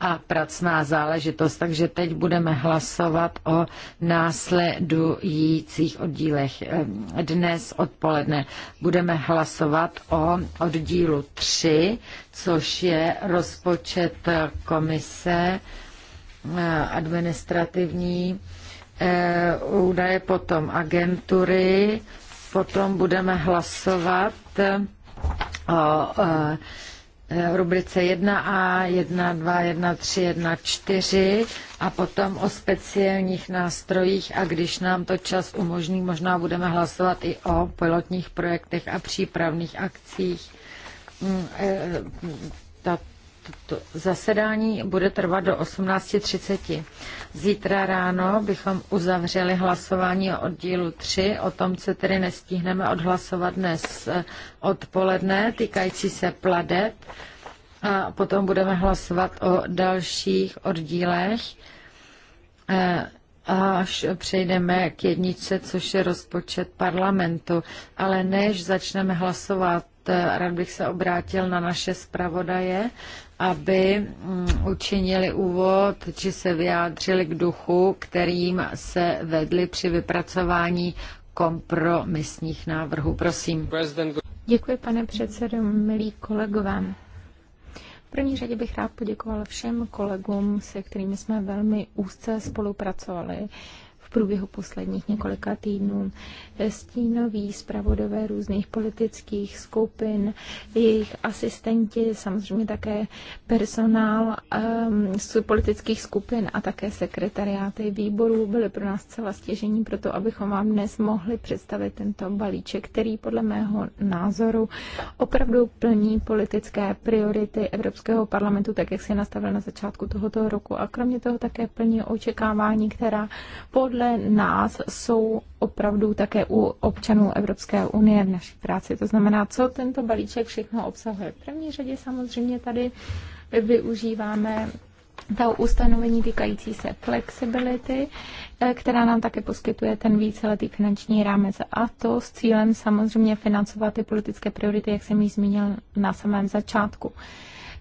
A: a pracná záležitost. Takže teď budeme hlasovat o následujících oddílech. Ehm, dnes odpoledne budeme hlasovat o oddílu 3, což je rozpočet komise eh, administrativní eh, údaje, potom agentury, potom budeme hlasovat o eh, Eh, v rubrice 1a, 1, 2, 1, 3, 1, 4 a potom o speciálních nástrojích a když nám to čas umožní, možná budeme hlasovat i o pilotních projektech a přípravných akcích. Mm, eh, ta to zasedání bude trvat do 18.30. Zítra ráno bychom uzavřeli hlasování o oddílu 3, o tom, co tedy nestihneme odhlasovat dnes eh, odpoledne, týkající se pladeb. A potom budeme hlasovat o dalších oddílech eh, až přejdeme k jedničce, což je rozpočet parlamentu. Ale než začneme hlasovat Eh, rád bych se obrátil na naše zpravodaje, aby mm, učinili úvod, či se vyjádřili k duchu, kterým se vedli při vypracování kompromisních návrhů. Prosím. Děkuji, pane předsedo,
B: milí kolegové. V první řadě bych rád poděkoval všem kolegům, se kterými jsme velmi úzce spolupracovali průběhu posledních několika týdnů. Stínoví zpravodové různých politických skupin, jejich asistenti, samozřejmě také personál ehm, z politických skupin a také sekretariáty výborů byly pro nás celá stěžení pro to, abychom vám dnes mohli představit tento balíček, který podle mého názoru opravdu plní politické priority Evropského parlamentu, tak jak si je nastavil na začátku tohoto roku a kromě toho také plní očekávání, která podle podle nás jsou opravdu také u občanů Evropské unie v naší práci. To znamená, co tento balíček všechno obsahuje. V první řadě samozřejmě tady využíváme ta ustanovení týkající se flexibility, eh, která nám také poskytuje ten víceletý finanční rámec a to s cílem samozřejmě financovat ty politické priority, jak jsem ji zmínil na samém začátku.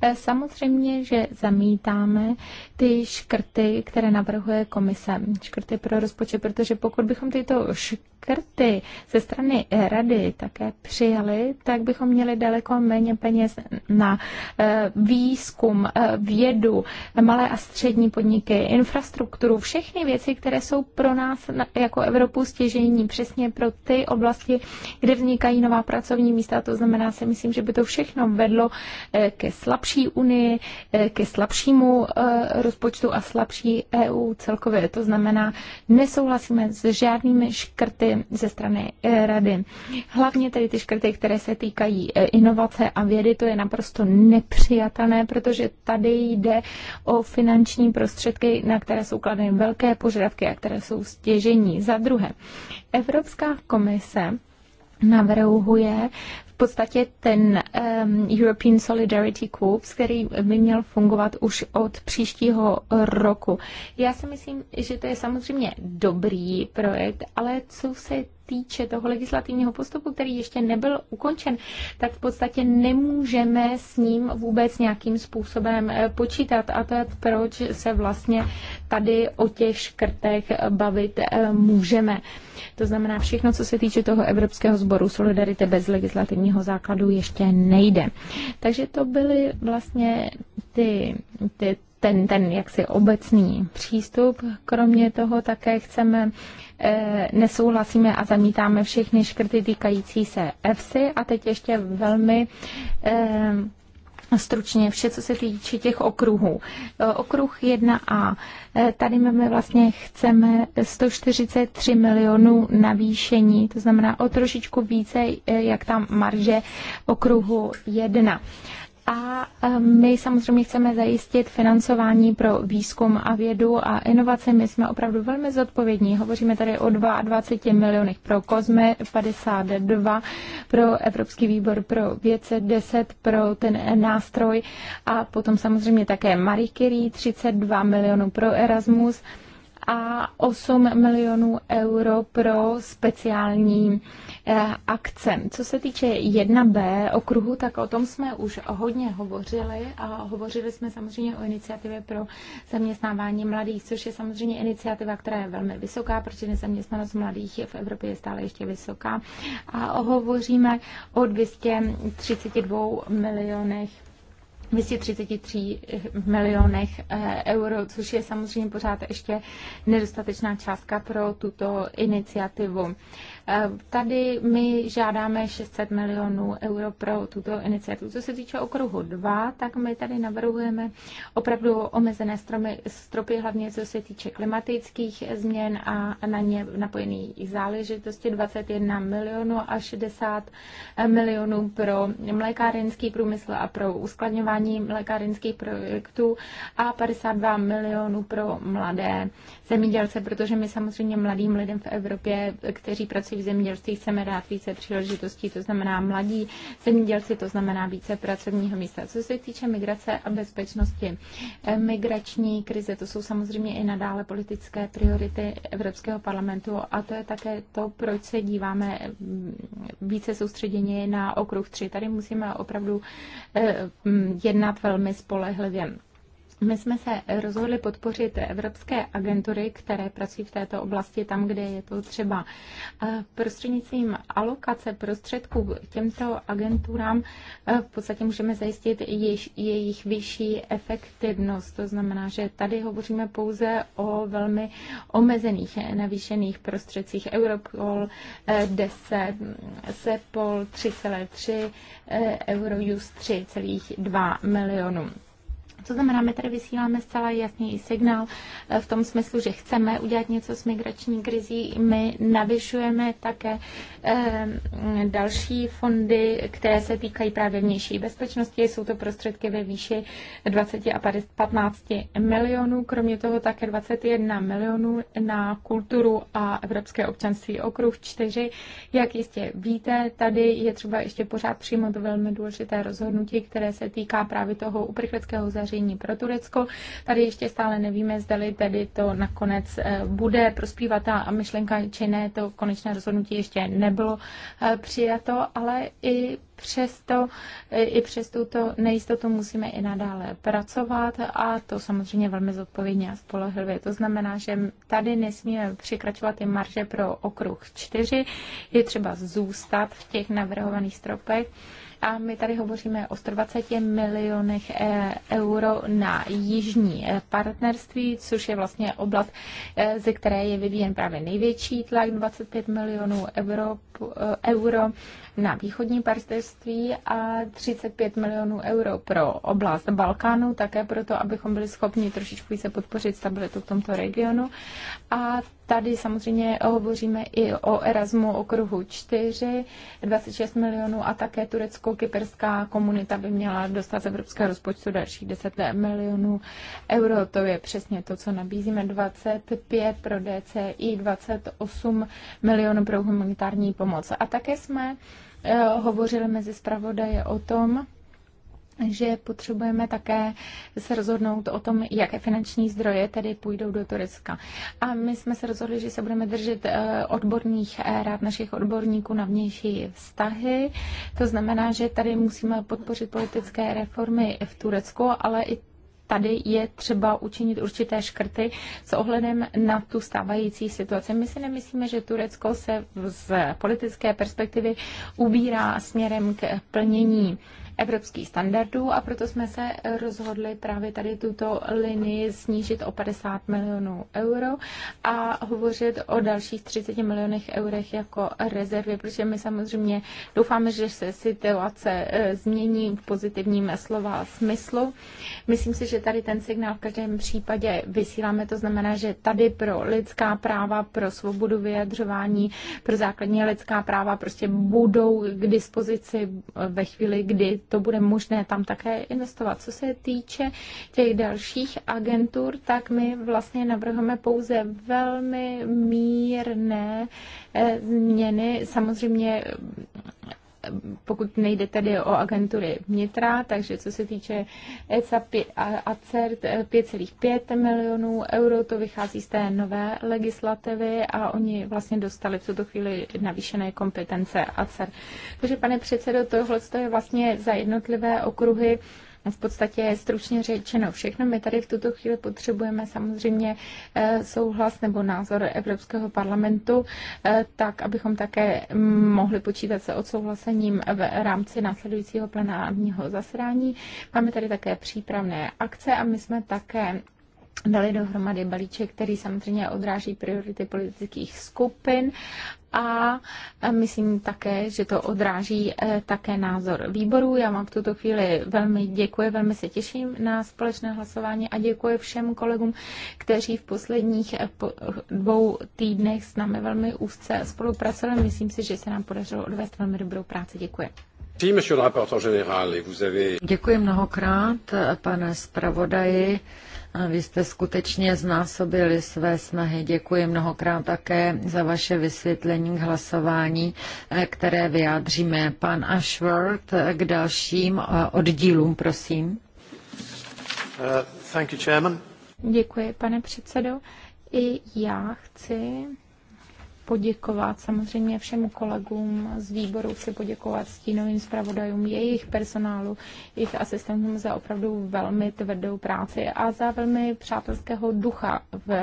B: E, samozřejmě, že zamítáme ty škrty, které navrhuje komise, škrty pro rozpočet, protože pokud bychom tyto škrty ze strany rady také přijali, tak bychom měli daleko méně peněz na e, výzkum, e, vědu, malé a střední podniky, infrastrukturu, všechny věci, které jsou pro nás jako Evropu stěžení, přesně pro ty oblasti, kde vznikají nová pracovní místa. To znamená, si myslím, že by to všechno vedlo ke slabší slabší unii, eh, ke slabšímu eh, rozpočtu a slabší EU celkově. To znamená, nesouhlasíme s žádnými škrty ze strany eh, rady. Hlavně tedy ty škrty, které se týkají inovace a vědy, to je naprosto nepřijatelné, protože tady jde o finanční prostředky, na které jsou kladeny velké požadavky a které jsou stěžení. Za druhé, Evropská komise navrhuje podstatě ten um, European Solidarity Corps, který by měl fungovat už od příštího roku. Já si myslím, že to je samozřejmě dobrý projekt, ale co se týče toho legislativního postupu, který ještě nebyl ukončen, tak v podstatě nemůžeme s ním vůbec nějakým způsobem eh, počítat. A to je, proč se vlastně tady o těch škrtech bavit eh, můžeme. To znamená všechno, co se týče toho Evropského sboru Solidarity bez legislativního právního základu ještě nejde. Takže to byly vlastně ty, ty ten, ten jaksi obecný přístup. Kromě toho také chceme, e, nesouhlasíme a zamítáme všechny škrty týkající se EFSI a teď ještě velmi e, stručně vše, co se týče těch okruhů. E, okruh 1a. E, tady my vlastně chceme 143 milionů navýšení, to znamená o trošičku více, e, jak tam marže okruhu 1. A ehm, my samozřejmě chceme zajistit financování pro výzkum a vědu a inovace. My jsme opravdu velmi zodpovědní. Hovoříme tady o 22 milionech pro COSME, 52 pro Evropský výbor pro věce, 10 pro ten nástroj a potom samozřejmě také Marie Curie, 32 milionů pro Erasmus a 8 milionů euro pro speciální eh, akce. Co se týče 1B okruhu, tak o tom jsme už hodně hovořili a hovořili jsme samozřejmě o iniciativě pro zaměstnávání mladých, což je samozřejmě iniciativa, která je velmi vysoká, protože nezaměstnanost mladých v Evropě je stále ještě vysoká. A hovoříme o 232 milionech 233 milionech eh, euro, což je samozřejmě pořád ještě nedostatečná částka pro tuto iniciativu. Eh, tady my žádáme 600 milionů euro pro tuto iniciativu. Co se týče okruhu 2, tak my tady navrhujeme opravdu omezené stromy, stropy, hlavně co se týče klimatických změn a na ně napojený záležitosti 21 milionů a 60 milionů pro mlékárenský průmysl a pro uskladňování mlékárenských projektů a 52 milionů pro mladé zemědělce, protože my samozřejmě mladým lidem v Evropě, kteří pracují v zemědělství chceme dát více příležitostí, to znamená mladí zemědělci, to znamená více pracovního místa. Co se týče migrace a bezpečnosti, eh, migrační krize, to jsou samozřejmě i nadále politické priority Evropského parlamentu a to je také to, proč se díváme mm, více soustředěně na okruh 3. Tady musíme opravdu eh, mm, jednat velmi spolehlivě. My jsme se rozhodli podpořit evropské agentury, které pracují v této oblasti tam, kde je to třeba. Prostřednictvím alokace prostředků těmto agenturám eh, v podstatě můžeme zajistit jejich vyšší efektivnost. To znamená, že tady hovoříme pouze o velmi omezených navýšených prostředcích. Europol 10, eh, SEPOL 3,3, eh, Eurojust 3,2 milionů. To znamená, my tady vysíláme zcela jasný signál eh, v tom smyslu, že chceme udělat něco s migrační krizí. My navyšujeme také eh, další fondy, které se týkají právě vnější bezpečnosti. Jsou to prostředky ve výši 20 a 15 milionů, kromě toho také 21 milionů na kulturu a evropské občanství okruh 4. Jak jistě víte, tady je třeba ještě pořád přijmout velmi důležité rozhodnutí, které se týká právě toho uprchlického zařízení řešení pro Turecko. Tady ještě stále nevíme, zda tedy to nakonec eh, bude prospívat ta myšlenka, či ne, to konečné rozhodnutí ještě nebylo eh, přijato, ale i přesto, eh, i přes tuto nejistotu musíme i nadále pracovat a to samozřejmě velmi zodpovědně a spolehlivě. To znamená, že tady nesmíme překračovat i marže pro okruh 4, je třeba zůstat v těch navrhovaných stropech a my tady hovoříme o 120 milionech eh, euro na jižní eh, partnerství, což je vlastně oblast, eh, ze které je vyvíjen právě největší tlak, 25 milionů euro, euro na východní partnerství a 35 milionů euro pro oblast Balkánu, také proto, abychom byli schopni trošičku se podpořit stabilitu v tomto regionu. A Tady samozřejmě hovoříme i o Erasmu okruhu 4, 26 milionů a také turecko-kyperská komunita by měla dostat z evropského rozpočtu dalších 10 milionů euro. To je přesně to, co nabízíme. 25 pro DCI, 28 milionů pro humanitární pomoc. A také jsme eh, hovořili mezi zpravodaje o tom, že potřebujeme také se rozhodnout o tom, jaké finanční zdroje tedy půjdou do Turecka. A my jsme se rozhodli, že se budeme držet eh, odborných eh, rád našich odborníků na vnější vztahy. To znamená, že tady musíme podpořit politické reformy v Turecku, ale i tady je třeba učinit určité škrty s ohledem na tu stávající situaci. My si nemyslíme, že Turecko se z politické perspektivy ubírá směrem k plnění evropských standardů a proto jsme se rozhodli právě tady tuto linii snížit o 50 milionů euro a hovořit o dalších 30 milionech eurech jako rezervy, protože my samozřejmě doufáme, že se situace eh, změní v pozitivním slova smyslu. Myslím si, že tady ten signál v každém případě vysíláme, to znamená, že tady pro lidská práva, pro svobodu vyjadřování, pro základní lidská práva prostě budou k dispozici eh, ve chvíli, kdy to bude možné tam také investovat. Co se týče těch dalších agentur, tak my vlastně navrhujeme pouze velmi mírné eh, změny. Samozřejmě pokud nejde tedy o agentury vnitra, takže co se týče ECA a CERT 5,5 eh, milionů euro, to vychází z té nové legislativy a oni vlastně dostali v tuto chvíli navýšené kompetence ACER. Takže pane předsedo, tohle je vlastně za jednotlivé okruhy No, v podstatě je stručně řečeno všechno. My tady v tuto chvíli potřebujeme samozřejmě eh, souhlas nebo názor Evropského parlamentu, eh, tak abychom také mohli počítat se odsouhlasením v rámci následujícího plenárního zasedání. Máme tady také přípravné akce a my jsme také dali dohromady balíček, který samozřejmě odráží priority politických skupin a myslím také, že to odráží eh, také názor výboru. Já vám v tuto chvíli velmi děkuji, velmi se těším na společné hlasování a děkuji všem kolegům, kteří v posledních eh, dvou týdnech s námi velmi úzce
A: spolupracovali. Myslím si, že se nám podařilo odvést velmi dobrou práci. Děkuji. Děkuji mnohokrát, pane zpravodaji. Vy jste skutečně znásobili své snahy. Děkuji mnohokrát také za vaše vysvětlení k hlasování, které vyjádříme. Pan Ashworth k dalším eh, oddílům, prosím. Eh, Děkuji,
B: pane předsedo. I já chci poděkovat samozřejmě všem kolegům z výboru, chci poděkovat stínovým zpravodajům, jejich personálu, jejich asistentům za opravdu velmi tvrdou práci a za velmi přátelského ducha, v,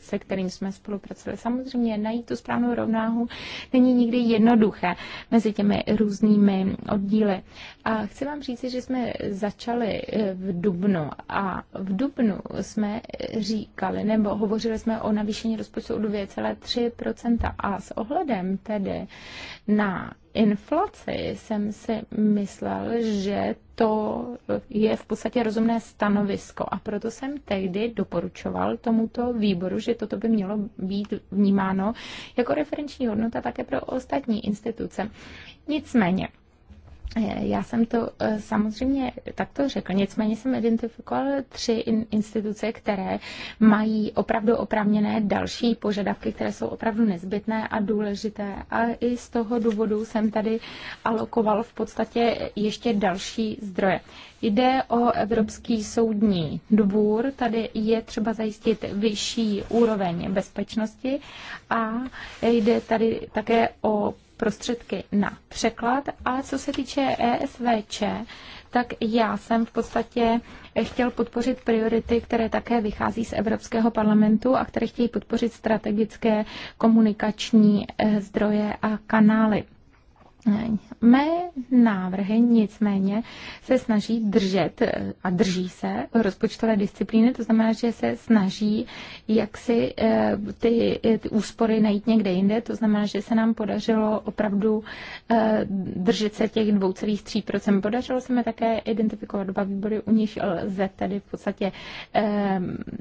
B: se kterým jsme spolupracovali. Samozřejmě najít tu správnou rovnáhu není nikdy jednoduché mezi těmi různými oddíly. A chci vám říct, že jsme začali eh, v Dubnu a v Dubnu jsme říkali, nebo hovořili jsme o navýšení rozpočtu o 2,3 a s ohledem tedy na inflaci jsem si myslel, že to je v podstatě rozumné stanovisko a proto jsem tehdy doporučoval tomuto výboru, že toto by mělo být vnímáno jako referenční hodnota také pro ostatní instituce. Nicméně, Eh, já jsem to eh, samozřejmě takto řekl, nicméně jsem identifikoval tři instituce, které mají opravdu opravněné další požadavky, které jsou opravdu nezbytné a důležité. A i z toho důvodu jsem tady alokoval v podstatě ještě další zdroje. Jde o Evropský soudní dvůr, tady je třeba zajistit vyšší úroveň bezpečnosti a jde tady také o prostředky na překlad, ale co se týče ESVČ, tak já jsem v podstatě chtěl podpořit priority, které také vychází z Evropského parlamentu a které chtějí podpořit strategické komunikační eh, zdroje a kanály. Mé návrhy nicméně se snaží držet eh, a drží se rozpočtové disciplíny, to znamená, že se snaží jak si eh, ty, eh, ty úspory najít někde jinde, to znamená, že se nám podařilo opravdu držet se těch 2,3%. Podařilo se mi také identifikovat dva výbory, u nich lze tedy v podstatě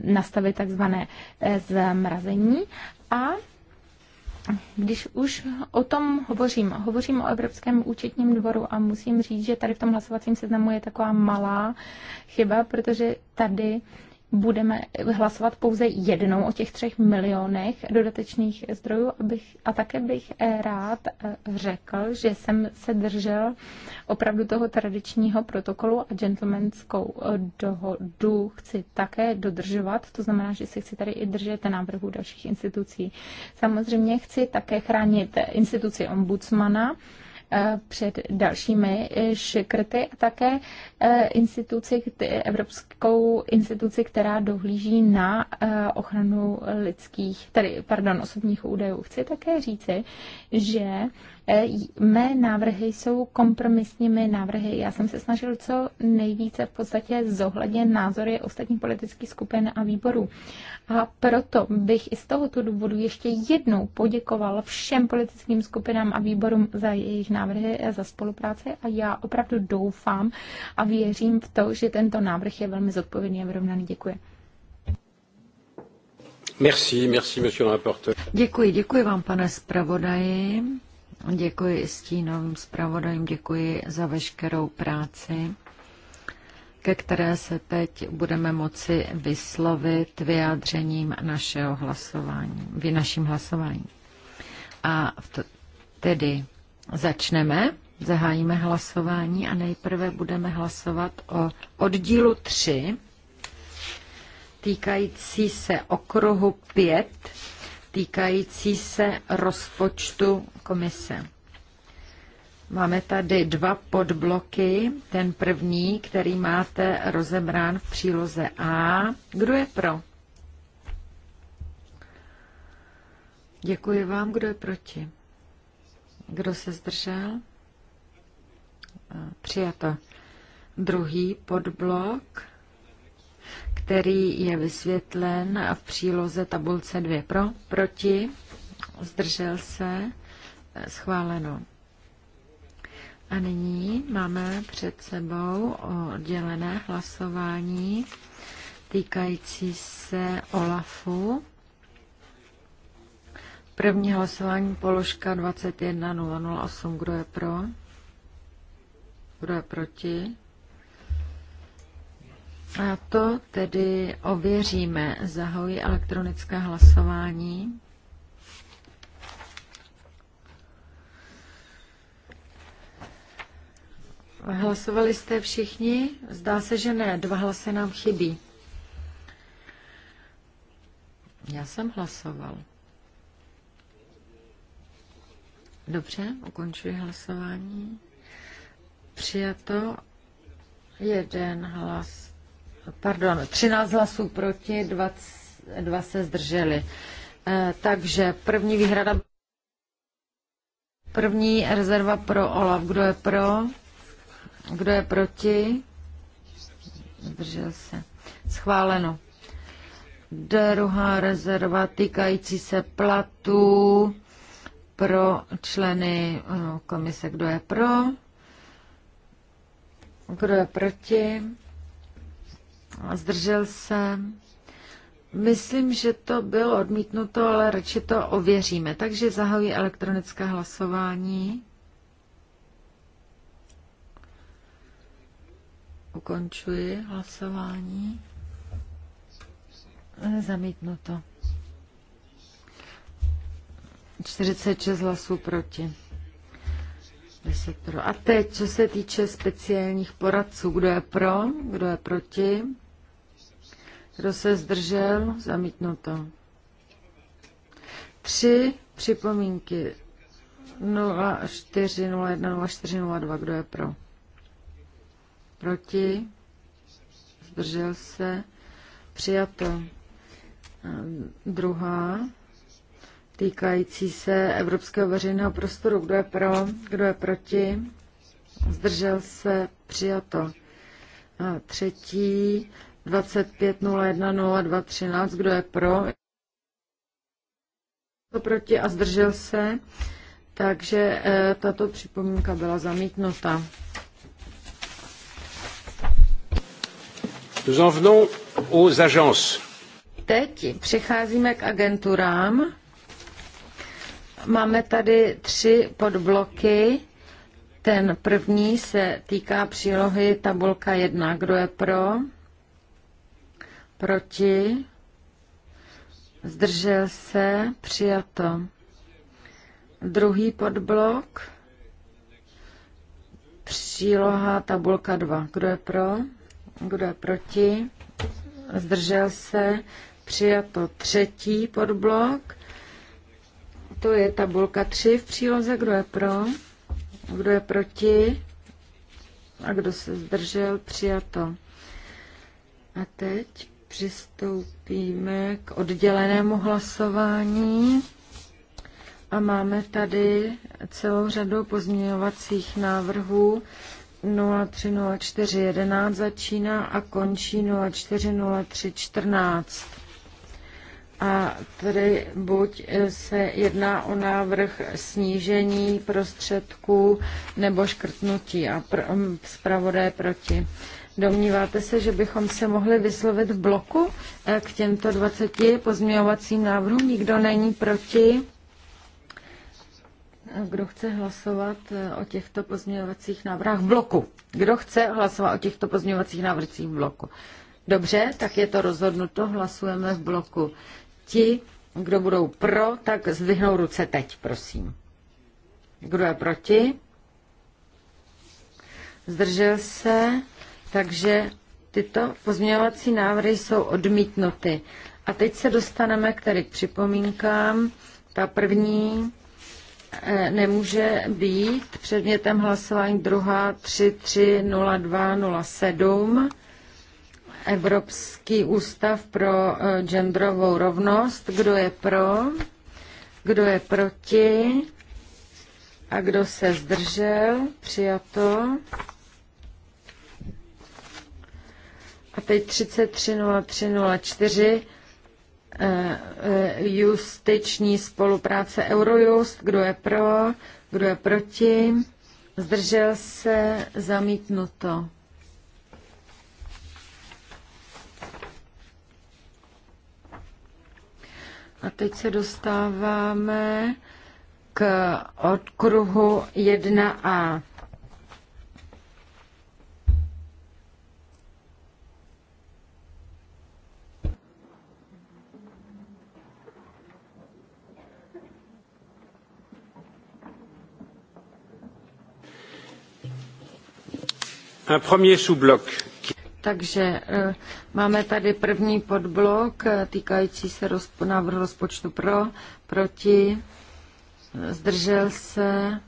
B: nastavit takzvané zmrazení a když už o tom hovořím, hovořím o Evropském účetním dvoru a musím říct, že tady v tom hlasovacím seznamu je taková malá chyba, protože tady budeme hlasovat pouze jednou o těch třech milionech dodatečných zdrojů. Abych, a také bych eh, rád eh, řekl, že jsem se držel opravdu toho tradičního protokolu a gentlemanskou eh, dohodu chci také dodržovat. To znamená, že si chci tady i držet návrhu dalších institucí. Samozřejmě chci také chránit instituci ombudsmana, před dalšími škrty a také E, instituci, evropskou instituci, která dohlíží na e, ochranu lidských, tedy, pardon, osobních údajů. Chci také říci, že e, mé návrhy jsou kompromisními návrhy. Já jsem se snažil co nejvíce v podstatě zohlednit názory ostatních politických skupin a výborů. A proto bych i z tohoto důvodu ještě jednou poděkoval všem politickým skupinám a výborům za jejich návrhy, za spolupráci a já opravdu doufám a vím, věřím v to, že tento návrh je velmi zodpovědný a vyrovnaný. Děkuji.
C: Merci, merci, monsieur le rapporteur.
A: Děkuji, děkuji vám, pane zpravodaji. Děkuji i stínovým zpravodajům, děkuji za veškerou práci, ke které se teď budeme moci vyslovit vyjádřením našeho hlasování, vy naším hlasováním. A tedy začneme Zahájíme hlasování a nejprve budeme hlasovat o oddílu 3, týkající se okruhu 5, týkající se rozpočtu komise. Máme tady dva podbloky. Ten první, který máte rozebrán v příloze A. Kdo je pro? Děkuji vám. Kdo je proti? Kdo se zdržel? přijato. Druhý podblok, který je vysvětlen v příloze tabulce 2 pro, proti, zdržel se, schváleno. A nyní máme před sebou oddělené hlasování týkající se OLAFu. První hlasování položka 21008. Kdo je pro? kdo je proti. A to tedy ověříme. Zahojí elektronické hlasování. Hlasovali jste všichni? Zdá se, že ne. Dva hlasy nám chybí. Já jsem hlasoval. Dobře, ukončuji hlasování. Přijato jeden hlas, pardon, 13 hlasů proti, dva, dva se zdrželi. E, takže první výhrada, první rezerva pro OLAF. Kdo je pro? Kdo je proti? Zdržel se. Schváleno. Druhá rezerva týkající se platů pro členy e, komise. Kdo je pro? Kdo je proti? Zdržel se? Myslím, že to bylo odmítnuto, ale radši to ověříme. Takže zahajuji elektronické hlasování. Ukončuji hlasování. Zamítnuto. 46 hlasů proti. Pro. A teď, co se týče speciálních poradců, kdo je pro, kdo je proti, kdo se zdržel, zamítnuto. Tři připomínky 0401 0402, kdo je pro? Proti? Zdržel se? Přijato. Druhá týkající se Evropského veřejného prostoru. Kdo je pro, kdo je proti? Zdržel se přijato. A třetí 25.01.02.13. Kdo je pro? Proti a zdržel se. Takže e, tato připomínka byla zamítnuta.
C: Nous en venons aux agences.
A: Teď přecházíme k agenturám. Máme tady tři podbloky. Ten první se týká přílohy tabulka 1. Kdo je pro? Proti? Zdržel se? Přijato. Druhý podblok. Příloha tabulka 2. Kdo je pro? Kdo je proti? Zdržel se? Přijato. Třetí podblok to je tabulka 3 v příloze, kdo je pro, kdo je proti a kdo se zdržel, přijato. A teď přistoupíme k oddělenému hlasování. A máme tady celou řadu pozměňovacích návrhů. 030411 začíná a končí 040314. A tedy buď eh, se jedná o návrh snížení prostředků nebo škrtnutí a pr- mm, zpravodé proti. Domníváte se, že bychom se mohli vyslovit v bloku eh, k těmto 20 pozměňovacím návrhům? Nikdo není proti? Eh, kdo chce hlasovat o těchto pozměňovacích návrhách v bloku? Kdo chce hlasovat o těchto pozměňovacích návrhcích v bloku? Dobře, tak je to rozhodnuto, hlasujeme v bloku. Ti, kdo budou pro, tak zdvihnou ruce teď, prosím. Kdo je proti? Zdržel se, takže tyto pozměňovací návrhy jsou odmítnuty. A teď se dostaneme k tady připomínkám. Ta první eh, nemůže být předmětem hlasování druhá 330207 Evropský ústav pro eh, genderovou rovnost. Kdo je pro? Kdo je proti? A kdo se zdržel? Přijato. A teď 330304 eh, eh, justiční spolupráce Eurojust. Kdo je pro? Kdo je proti? Zdržel se? Zamítnuto. A teď se dostáváme k odkruhu 1a. Un premier sous-bloc takže e, máme tady první podblok e, týkající se rozpo, návrhu rozpočtu pro, proti, e, zdržel se,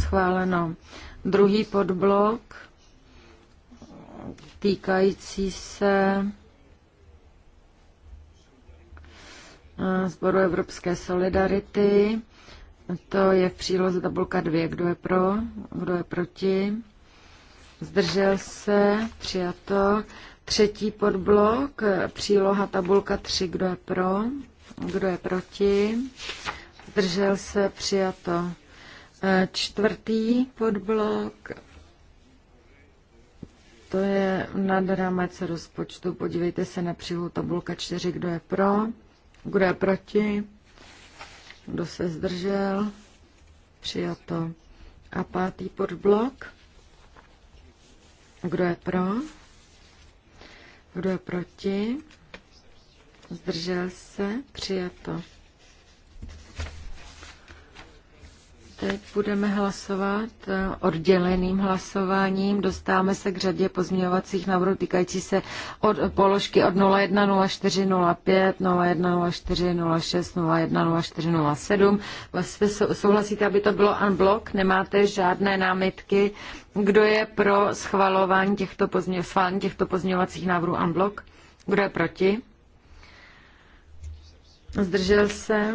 A: schváleno. Druhý podblok týkající se Sboru Evropské solidarity. To je v příloze tabulka 2. Kdo je pro? Kdo je proti? zdržel se, přijato. Třetí podblok, příloha tabulka 3, kdo je pro, kdo je proti, zdržel se, přijato. E, čtvrtý podblok, to je nad rámec rozpočtu. Podívejte se na přílohu tabulka 4, kdo je pro, kdo je proti, kdo se zdržel, přijato. A pátý podblok, kdo je pro? Kdo je proti? Zdržel se? Přijato. Teď budeme hlasovat eh, odděleným hlasováním. Dostáváme se k řadě pozměňovacích návrhů týkající se od položky od 010405, 010406, 010407. Vlastně souhlasíte, aby to bylo unblock? Nemáte žádné námitky? Kdo je pro schvalování těchto, pozměň, schvalování těchto pozměňovacích návrhů unblock? Kdo je proti? Zdržel se?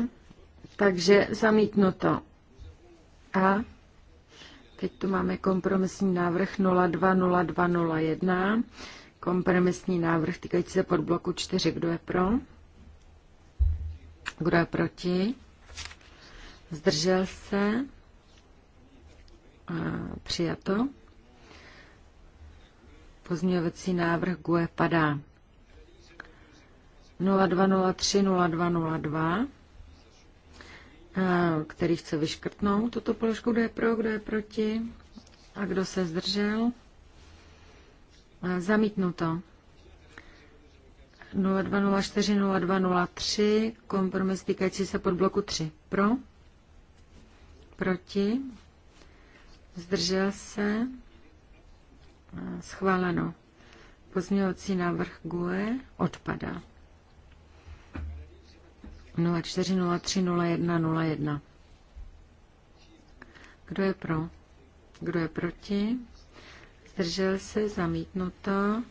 A: Takže zamítnuto. A teď tu máme kompromisní návrh 020201, kompromisní návrh týkající se podbloku 4. Kdo je pro? Kdo je proti? Zdržel se? A přijato. Pozměňovací návrh GUE padá. 0203 který chce vyškrtnout tuto položku, kdo je pro, kdo je proti a kdo se zdržel. Zamítnuto. 0204 0203, kompromis týkající se pod bloku 3. Pro, proti, zdržel se, schváleno. Pozměňovací návrh GUE odpadá. 04030101. Kdo je pro? Kdo je proti? Zdržel se, zamítnuto.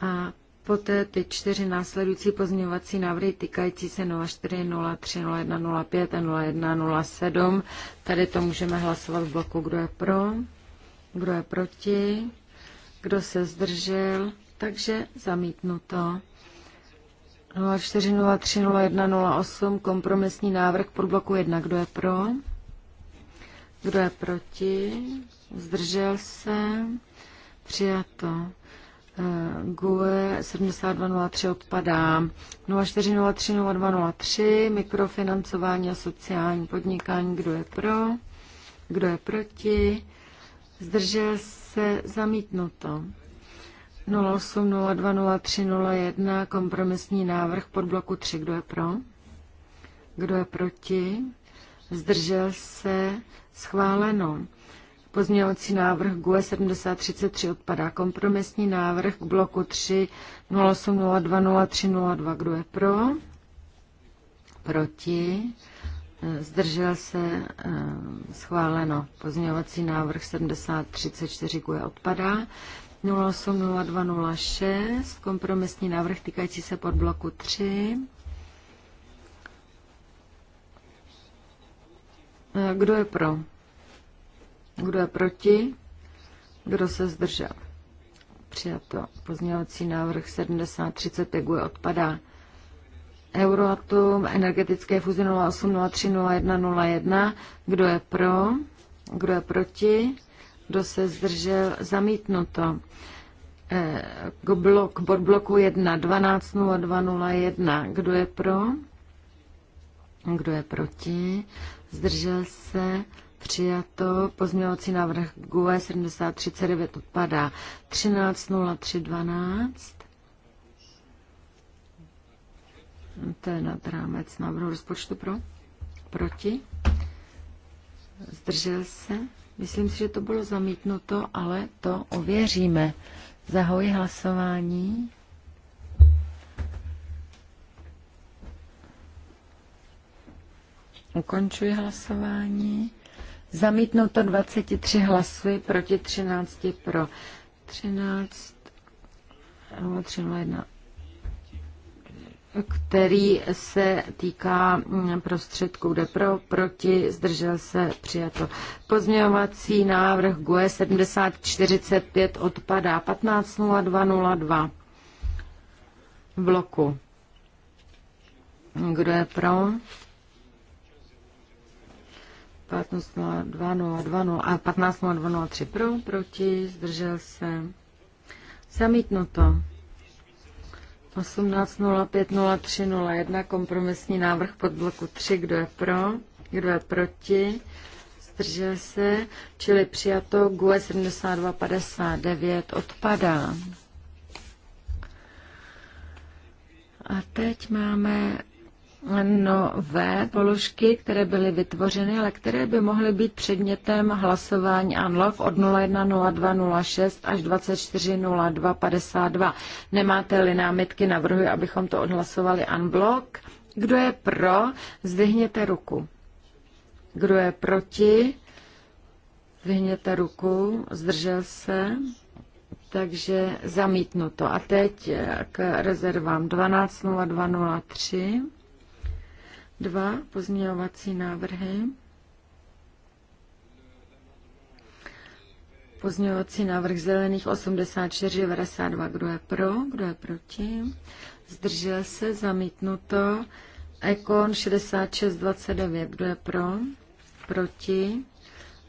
A: A poté ty čtyři následující pozměňovací návrhy týkající se 0403, a 0107. Tady to můžeme hlasovat v bloku, kdo je pro, kdo je proti, kdo se zdržel, takže zamítnuto. 04030108, kompromisní návrh pod bloku 1. Kdo je pro? Kdo je proti? Zdržel se? Přijato. Eh, GUE 7203 odpadá. 0403 mikrofinancování a sociální podnikání. Kdo je pro? Kdo je proti? Zdržel se? Zamítnuto. 08, kompromisní návrh pod bloku 3. Kdo je pro? Kdo je proti? Zdržel se? Schváleno. Pozměňovací návrh GUE 7033 odpadá. Kompromisní návrh k bloku 3 08020302. Kdo je pro? Proti? Zdržel se? Eh, schváleno. Pozměňovací návrh 7034 GUE odpadá. 080206, kompromisní návrh týkající se podbloku 3. E, kdo je pro? Kdo je proti? Kdo se zdržel? Přijato. Pozměňovací návrh 7030 EGU odpadá. Euroatom, energetické fuzi 08030101. Kdo je pro? Kdo je proti? kdo se zdržel, zamítnuto. Eh, k, blok, bod bloku 1, 120201, kdo je pro? Kdo je proti? Zdržel se? Přijato. Pozměňovací návrh GUE 7039 odpadá. 130312. To je nad rámec návrhu rozpočtu pro? Proti? Zdržel se? Myslím si, že to bylo zamítnuto, ale to ověříme. Zahoji hlasování. Ukončuji hlasování. Zamítnuto 23 hlasy proti 13 pro 13 nebo 301 který se týká mm, prostředků, DEPRO pro, proti, zdržel se, přijato. Pozměňovací návrh GUE 7045 odpadá 150202 v bloku. Kdo je pro? 15.02.02 a 15.02.03 pro, proti, zdržel se. Zamítnuto. 18.05.03.01 kompromisní návrh pod bloku 3, kdo je pro, kdo je proti, zdržel se, čili přijato GUE 7259 odpadá. A teď máme nové položky, které byly vytvořeny, ale které by mohly být předmětem hlasování unlock od 01.02.06 až 24.02.52. Nemáte-li námitky, navrhuji, abychom to odhlasovali unblock. Kdo je pro, zdvihněte ruku. Kdo je proti, zdvihněte ruku, zdržel se. Takže zamítnuto. A teď eh, k rezervám 12.02.03 dva pozměňovací návrhy. Pozměňovací návrh zelených 84, 92. Kdo je pro? Kdo je proti? Zdržel se? Zamítnuto. Ekon 66, 29. Kdo je pro? Proti?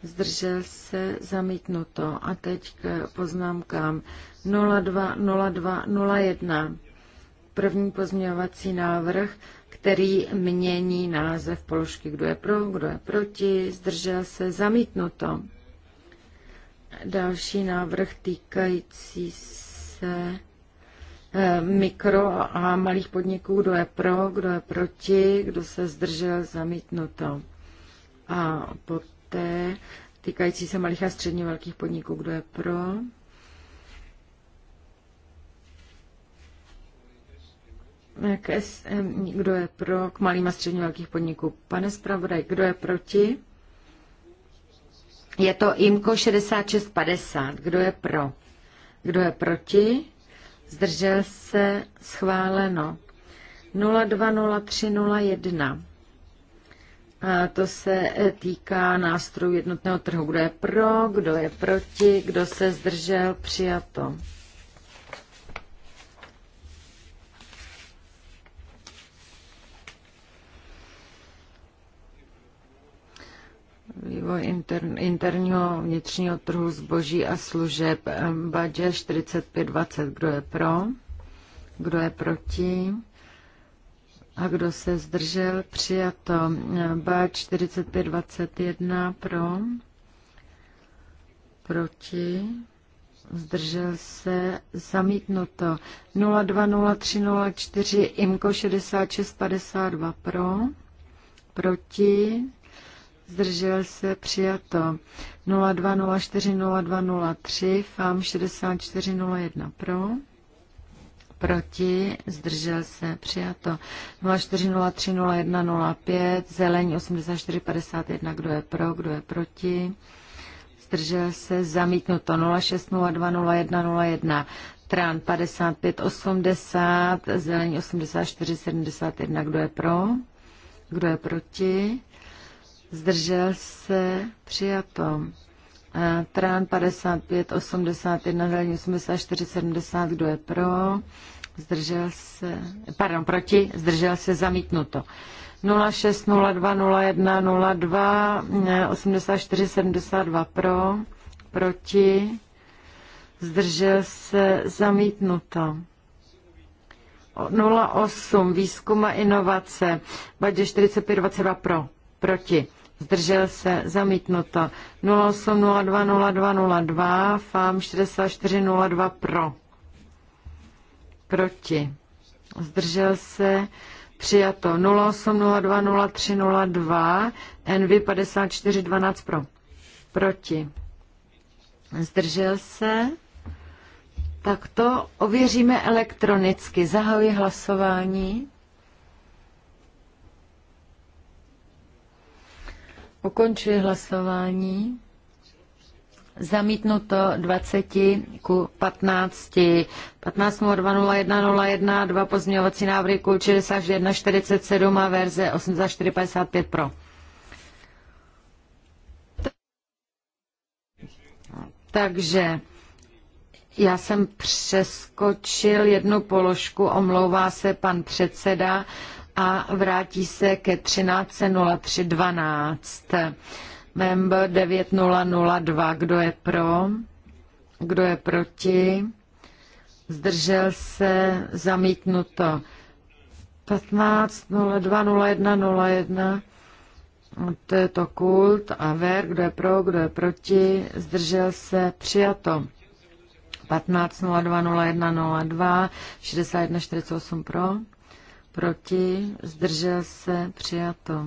A: Zdržel se? Zamítnuto. A teď k poznámkám 02, 02, 01. První pozměňovací návrh který mění název položky, kdo je pro, kdo je proti, zdržel se, zamítnuto. Další návrh týkající se eh, mikro a malých podniků, kdo je pro, kdo je proti, kdo se zdržel, zamítnuto. A poté týkající se malých a středně velkých podniků, kdo je pro, k S, kdo je pro, k malým a středně velkých podniků. Pane zpravodaj, kdo je proti? Je to IMKO 6650. Kdo je pro? Kdo je proti? Zdržel se schváleno. 020301. A to se e, týká nástrojů jednotného trhu. Kdo je pro, kdo je proti, kdo se zdržel, přijato. Vývoj inter, interního vnitřního trhu zboží a služeb. Badže 4520. Kdo je pro? Kdo je proti? A kdo se zdržel? Přijato. Báč 4521 pro. Proti. Zdržel se. Zamítnuto. 020304 IMKO 6652 pro. Proti zdržel se, přijato 0204 0203, FAM 6401 pro, proti, zdržel se, přijato 0403 0105, zeleň 8451, kdo je pro, kdo je proti, zdržel se, zamítnuto 06020101, Tran 5580, zelení 8471, kdo je pro, kdo je proti, zdržel se, přijato. Trán 55, 81, hlavní 84, 70, kdo je pro, zdržel se, pardon, proti, zdržel se, zamítnuto. 06, 02, 01, 02, 84, 72 pro, proti, zdržel se, zamítnuto. 08, výzkum a inovace, badě 45, 22 pro, proti zdržel se, zamítnuto. 08020202, FAM 6402 pro, proti, zdržel se, přijato. 08020302, NV 5412 pro, proti, zdržel se, tak to ověříme elektronicky. Zahajuji hlasování. Ukončuji hlasování. Zamítnuto 20 ku 15. 15 01 dva pozměňovací návrhy ku 61 47 a verze 8455 pro. Takže já jsem přeskočil jednu položku, omlouvá se pan předseda a vrátí se ke 13.03.12. Member 9002, kdo je pro? Kdo je proti? Zdržel se zamítnuto. 15.02.01.01. To je to kult a ver, kdo je pro, kdo je proti, zdržel se, přijato. 15.02.01.02, 61.48 pro proti, zdržel se, přijato.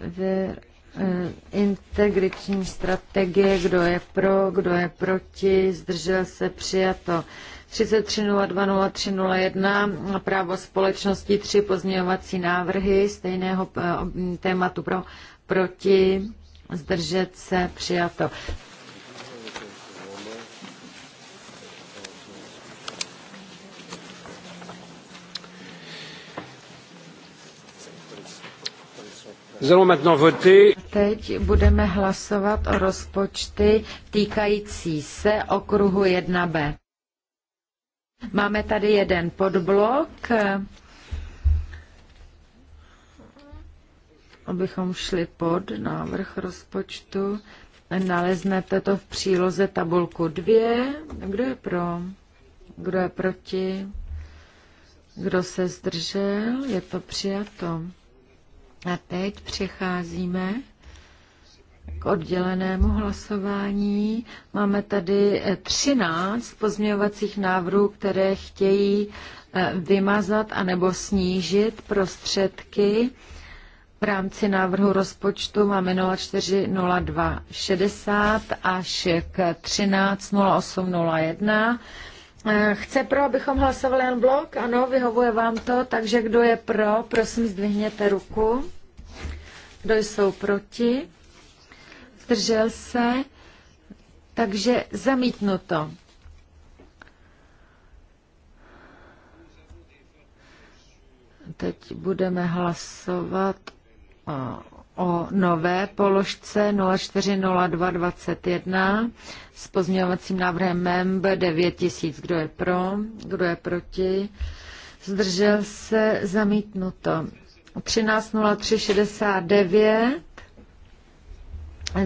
A: Ver, eh, integrační strategie, kdo je pro, kdo je proti, zdržel se, přijato. 33020301 právo společnosti, tři pozměňovací návrhy stejného eh, tématu pro, proti, zdržet se, přijato. Teď budeme hlasovat o rozpočty týkající se okruhu 1b. Máme tady jeden podblok, abychom šli pod návrh rozpočtu. Naleznete to v příloze tabulku 2. Kdo je pro? Kdo je proti? Kdo se zdržel? Je to přijato. A teď přecházíme k oddělenému hlasování. Máme tady 13 eh, pozměňovacích návrhů, které chtějí eh, vymazat anebo snížit prostředky v rámci návrhu rozpočtu máme 040260 až k 130801. Eh, chce pro, abychom hlasovali jen blok? Ano, vyhovuje vám to, takže kdo je pro, prosím zdvihněte ruku. Kdo jsou proti? Zdržel se? Takže zamítnuto. Teď budeme hlasovat eh, o nové položce 040221 s pozměňovacím návrhem MEMB 9000. Kdo je pro? Kdo je proti? Zdržel se zamítnuto. 13.03.69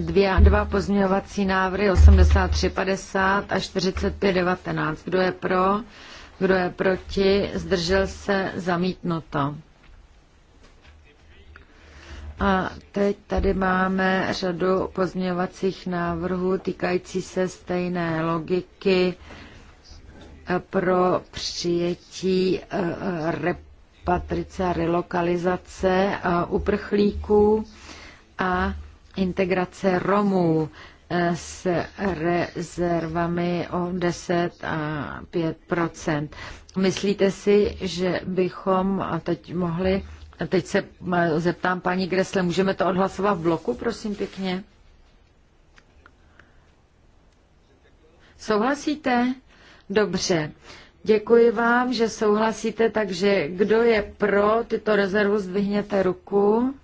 A: dvě, dva pozměňovací návrhy 83.50 a 45.19. Kdo je pro? Kdo je proti? Zdržel se? Zamítnuto. A teď tady máme řadu pozměňovacích návrhů týkající se stejné logiky pro přijetí eh, eh, rep a relokalizace uprchlíků a integrace Romů eh, s rezervami o 10 a 5 Myslíte si, že bychom teď mohli, teď se eh, zeptám paní Gresle, můžeme to odhlasovat v bloku, prosím pěkně? Souhlasíte? Dobře. Děkuji vám, že souhlasíte, takže kdo je pro tyto rezervu, zdvihněte ruku.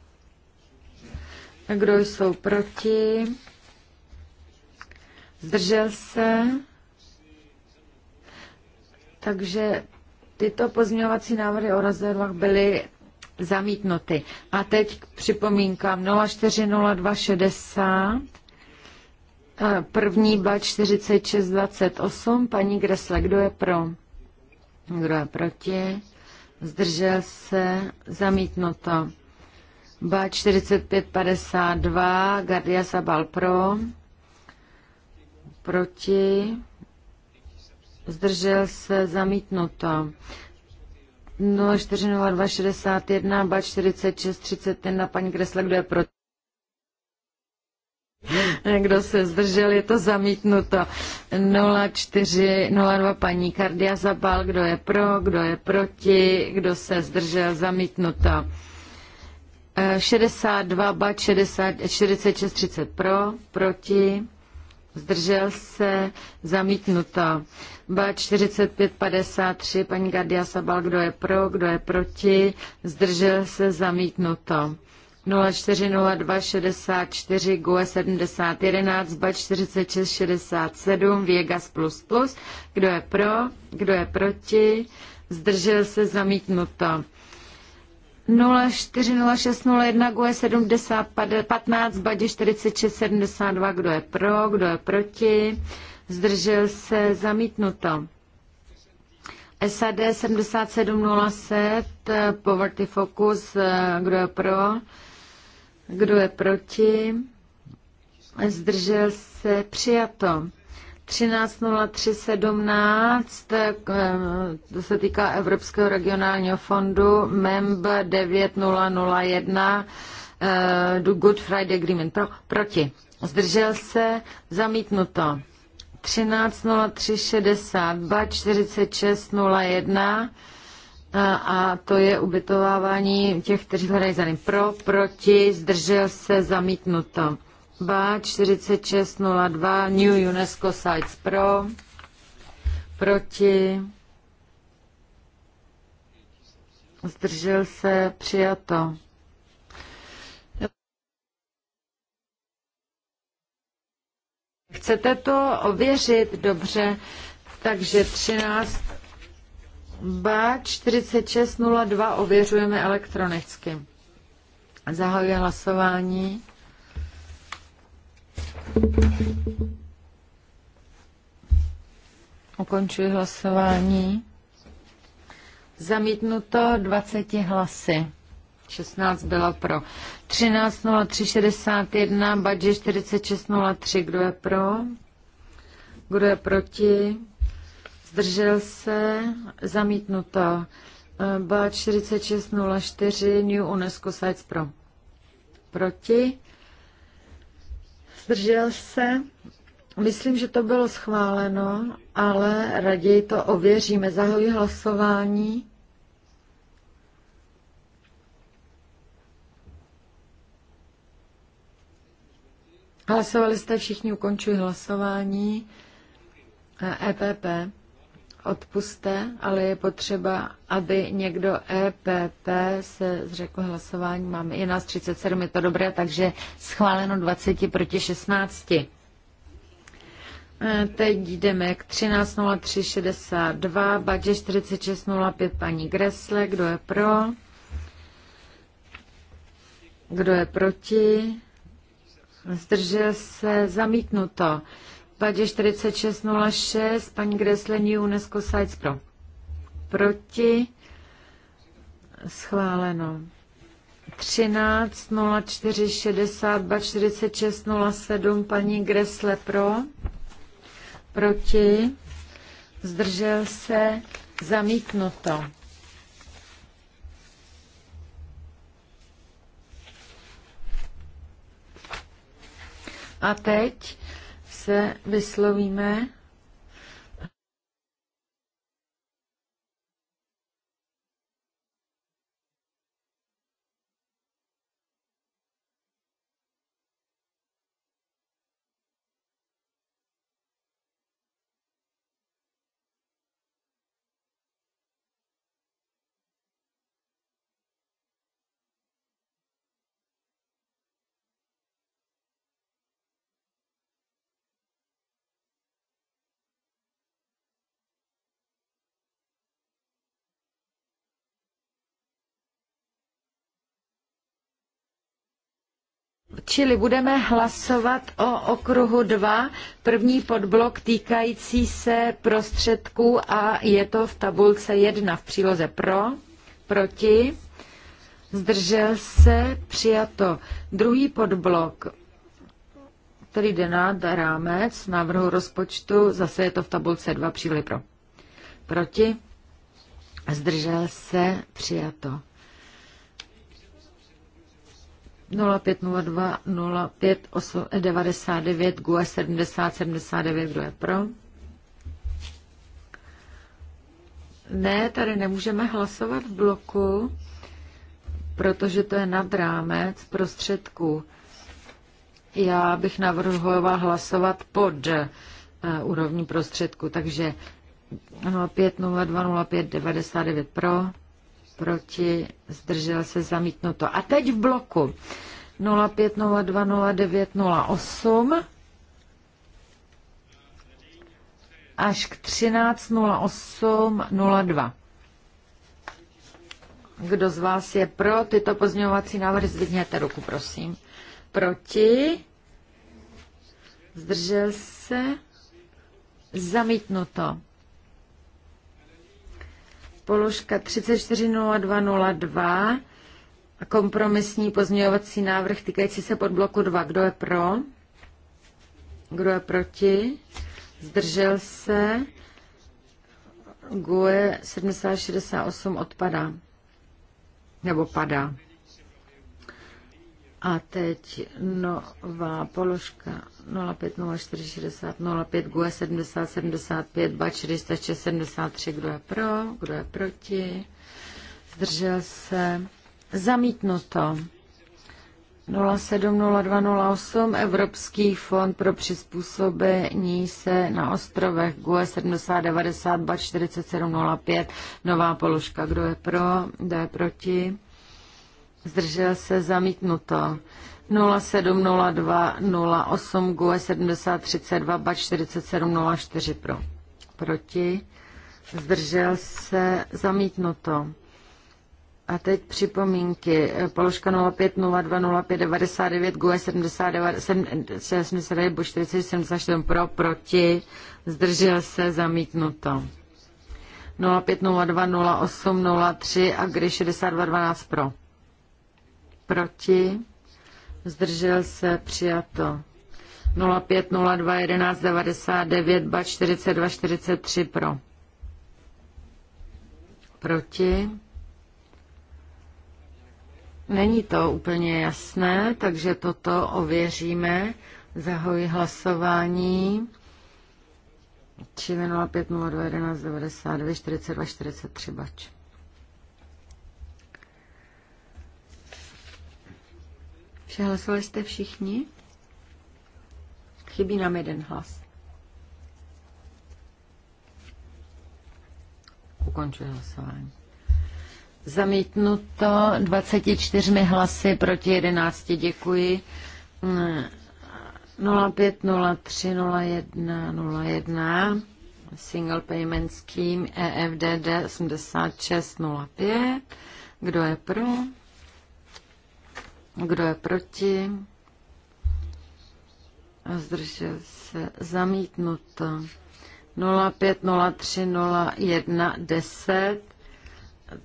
A: Kdo jsou proti? Zdržel se? Takže tyto pozměňovací návrhy o rezervách byly zamítnuty. A teď připomínkám 040260, první bač 4628, paní Gresle, kdo je pro? Kdo je proti? Zdržel se? Zamítnuto. BA 4552, Gardia Sabal pro. Proti? Zdržel se? Zamítnuto. 040261, BA 4631, paní Kresle, kdo je proti? Kdo se zdržel, je to zamítnuto. 0402 paní Kardia Zabal, kdo je pro, kdo je proti, kdo se zdržel, zamítnuto. 62 ba 60, 46 30 pro, proti, zdržel se, zamítnuto. ba 45 53, paní Gardia Sabal, kdo je pro, kdo je proti, zdržel se, zamítnuto. 0402 64 GUE 7011 BAT 46 67 Viegas++. Kdo je pro? Kdo je proti? Zdržel se zamítnuto. 040601 GUE 7015 BAT 46 72. Kdo je pro? Kdo je proti? Zdržel se zamítnuto. SAD 7707 Poverty Focus, eh, kdo je pro, kdo je proti? Zdržel se přijato. 13.03.17, eh, to se týká Evropského regionálního fondu, MEMB 9001, eh, do Good Friday Agreement. Pro, proti. Zdržel se, zamítnuto. 13.03.60, BAT 46.01, a to je ubytovávání těch, kteří hledají za ním. Pro, proti, zdržel se, zamítnuto. BA 4602, New UNESCO Sites Pro, proti, zdržel se, přijato. Chcete to ověřit? Dobře. Takže 13 Ba 4602 ověřujeme elektronicky. Zahajuji hlasování. Ukončuji hlasování. Zamítnuto 20 hlasy. 16 bylo pro. 13.03.61, badže 46.03. Kdo je pro? Kdo je proti? zdržel se, zamítnuta. BA 4604 New UNESCO Sites Pro. Proti. Zdržel se. Myslím, že to bylo schváleno, ale raději to ověříme. Zahoji hlasování. Hlasovali jste všichni, ukončuji hlasování. EPP. E odpuste, ale je potřeba, aby někdo EPP se zřekl hlasování. Máme, i nás 37, je to dobré, takže schváleno 20 proti 16. E, teď jdeme k 13.03.62, Badě 46.05 paní Gresle, kdo je pro, kdo je proti, zdržel se, zamítnuto případě 4606 paní Greslení UNESCO Sites pro. Proti schváleno. 13.04.62, 46.07, paní Gresle pro, proti, zdržel se, zamítnuto. A teď se vyslovíme Čili budeme hlasovat o okruhu 2, první podblok týkající se prostředků a je to v tabulce 1 v příloze pro, proti, zdržel se, přijato. Druhý podblok, který jde nad rámec návrhu rozpočtu, zase je to v tabulce 2 příloze pro, proti, zdržel se, přijato. 0502 0599 GUE 7079, kdo je pro? Ne, tady nemůžeme hlasovat v bloku, protože to je nad rámec prostředků. Já bych navrhovala hlasovat pod uh, úrovní prostředku, takže 0502 0599 pro proti, zdržel se zamítnuto. A teď v bloku 05020908 až k 130802. Kdo z vás je pro tyto pozměňovací návrhy, zvedněte ruku, prosím. Proti? Zdržel se? Zamítnuto položka 340202 a kompromisní pozměňovací návrh týkající se podbloku 2. Kdo je pro? Kdo je proti? Zdržel se? GUE 7068 odpadá. Nebo padá. A teď nová položka 050460 05 GUE 70 75 2 406 73. Kdo je pro? Kdo je proti? Zdržel se? Zamítnuto. 070208 Evropský fond pro přizpůsobení se na ostrovech GUE 7090 24705 Nová položka. Kdo je pro? Kdo je proti? zdržel se zamítnuto. 0702-08 GUE 7032 BAT 4704 pro. Proti zdržel se zamítnuto. A teď připomínky. Položka 05020599 GUE 79 4077 pro, proti, zdržel se, zamítnuto. 0502-0803 AGRI 6212 pro proti, zdržel se, přijato. 05, 02, 11, 99, 42, 43 pro. Proti. Není to úplně jasné, takže toto ověříme. Zahoji hlasování. Čili 05, 02, 11, 42, 43 bač. Hlasovali jste všichni? Chybí nám jeden hlas. Ukončuji hlasování. Zamítnuto 24 hlasy proti 11. Děkuji. 05030101 mm, Single Payment Scheme EFDD 8605. Kdo je pro? Kdo je proti? Zdržel se zamítnuto. 0503010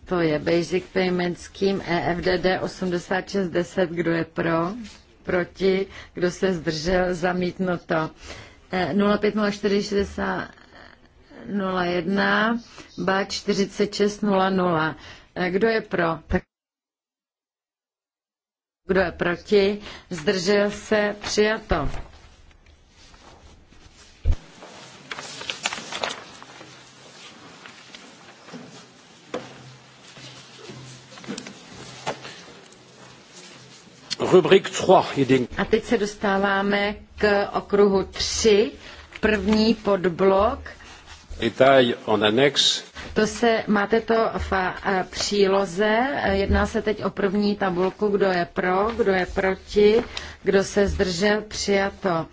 A: To je Basic Payment Scheme EFDD 8610. Kdo je pro? Proti? Kdo se zdržel? Zamítnuto. 0504601 BA 4600. Kdo je pro? Tak kdo je proti? Zdržel se? Přijato. A teď se dostáváme k okruhu 3, první podblok to se, máte to v eh, příloze, jedná se teď o první tabulku, kdo je pro, kdo je proti, kdo se zdržel, přijato.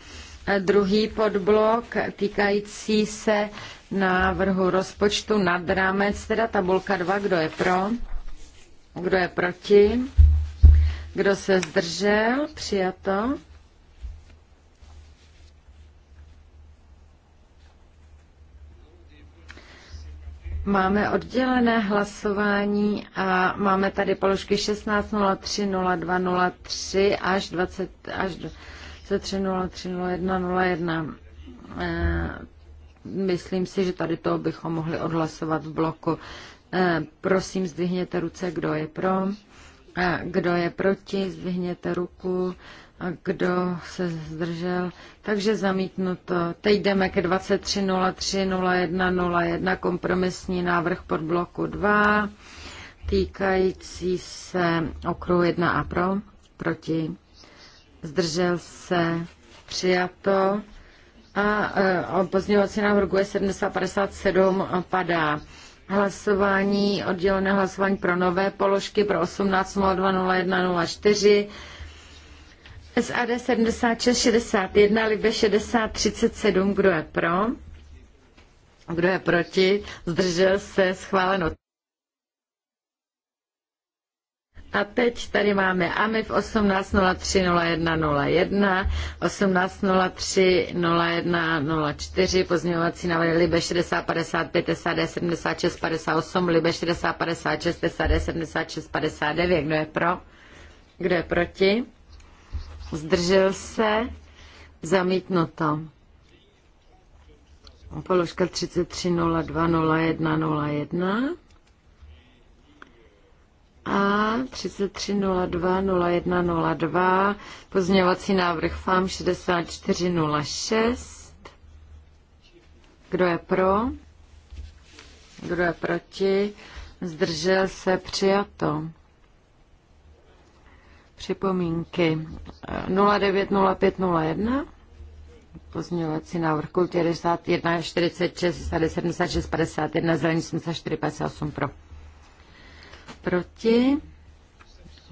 A: Eh, druhý podblok týkající se návrhu rozpočtu nad rámec, teda tabulka 2, kdo je pro, kdo je proti, kdo se zdržel, přijato. Máme oddělené hlasování a máme tady položky 16,03,02,03 až 20, až eh, Myslím si, že tady to bychom mohli odhlasovat v bloku. Eh, prosím, zdvihněte ruce, kdo je pro, eh, kdo je proti, zdvihněte ruku. A kdo se zdržel? Takže zamítnuto. Teď jdeme ke 23.03.01.01 kompromisní návrh pod bloku 2 týkající se okruhu 1 a pro, proti. Zdržel se přijato a e, pozdějovací návrh je 7057 padá. Hlasování, oddělené hlasování pro nové položky pro 18.02.01.04 SAD 7661, Libe 6037, kdo je pro? Kdo je proti? Zdržel se schváleno. A teď tady máme AMIF 18.03.01.01, 18.03.01.04, pozměňovací návrhy LIBE 6055, SAD 7658, LIBE 6056, SAD 7659. Kdo je pro? Kdo je proti? zdržel se, zamítnuto. Položka 33020101 a 33020102 pozměňovací návrh FAM 6406. Kdo je pro? Kdo je proti? Zdržel se přijato. Připomínky 090501, pozměňovací návrh kultury 51, 46, 76, 51, zelení 74, 58 pro. Proti,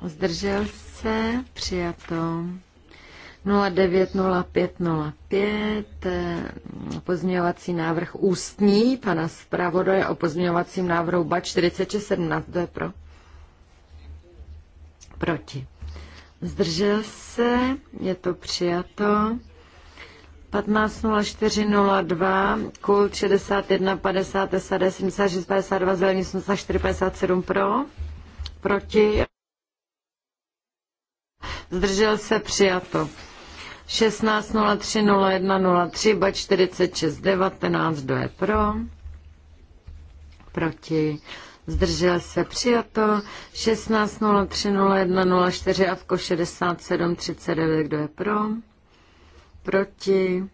A: zdržel se, přijato. 090505, pozměňovací návrh ústní pana zpravodaje o pozměňovacím návrhu BA 4617. to je pro? Proti zdržel se, je to přijato. 15.04.02, kult 61, 50, 10, 52, zelení 84, 57 pro, proti. Zdržel se přijato. 16.03.01.03, bač 46, 19, kdo je pro, proti zdržel se přijato, 16.03.01.04 a v 67.39, kdo je pro, proti,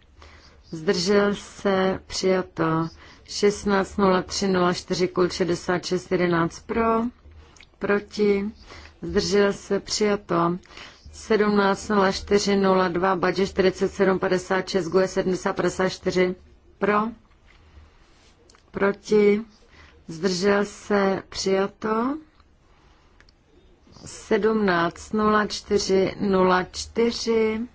A: zdržel se přijato, 16.03.04 kul 66.11 pro, proti, zdržel se přijato, 17.04.02 badže 47.56 guje 70.54 pro, proti, zdržel se, přijato. 17.04.04.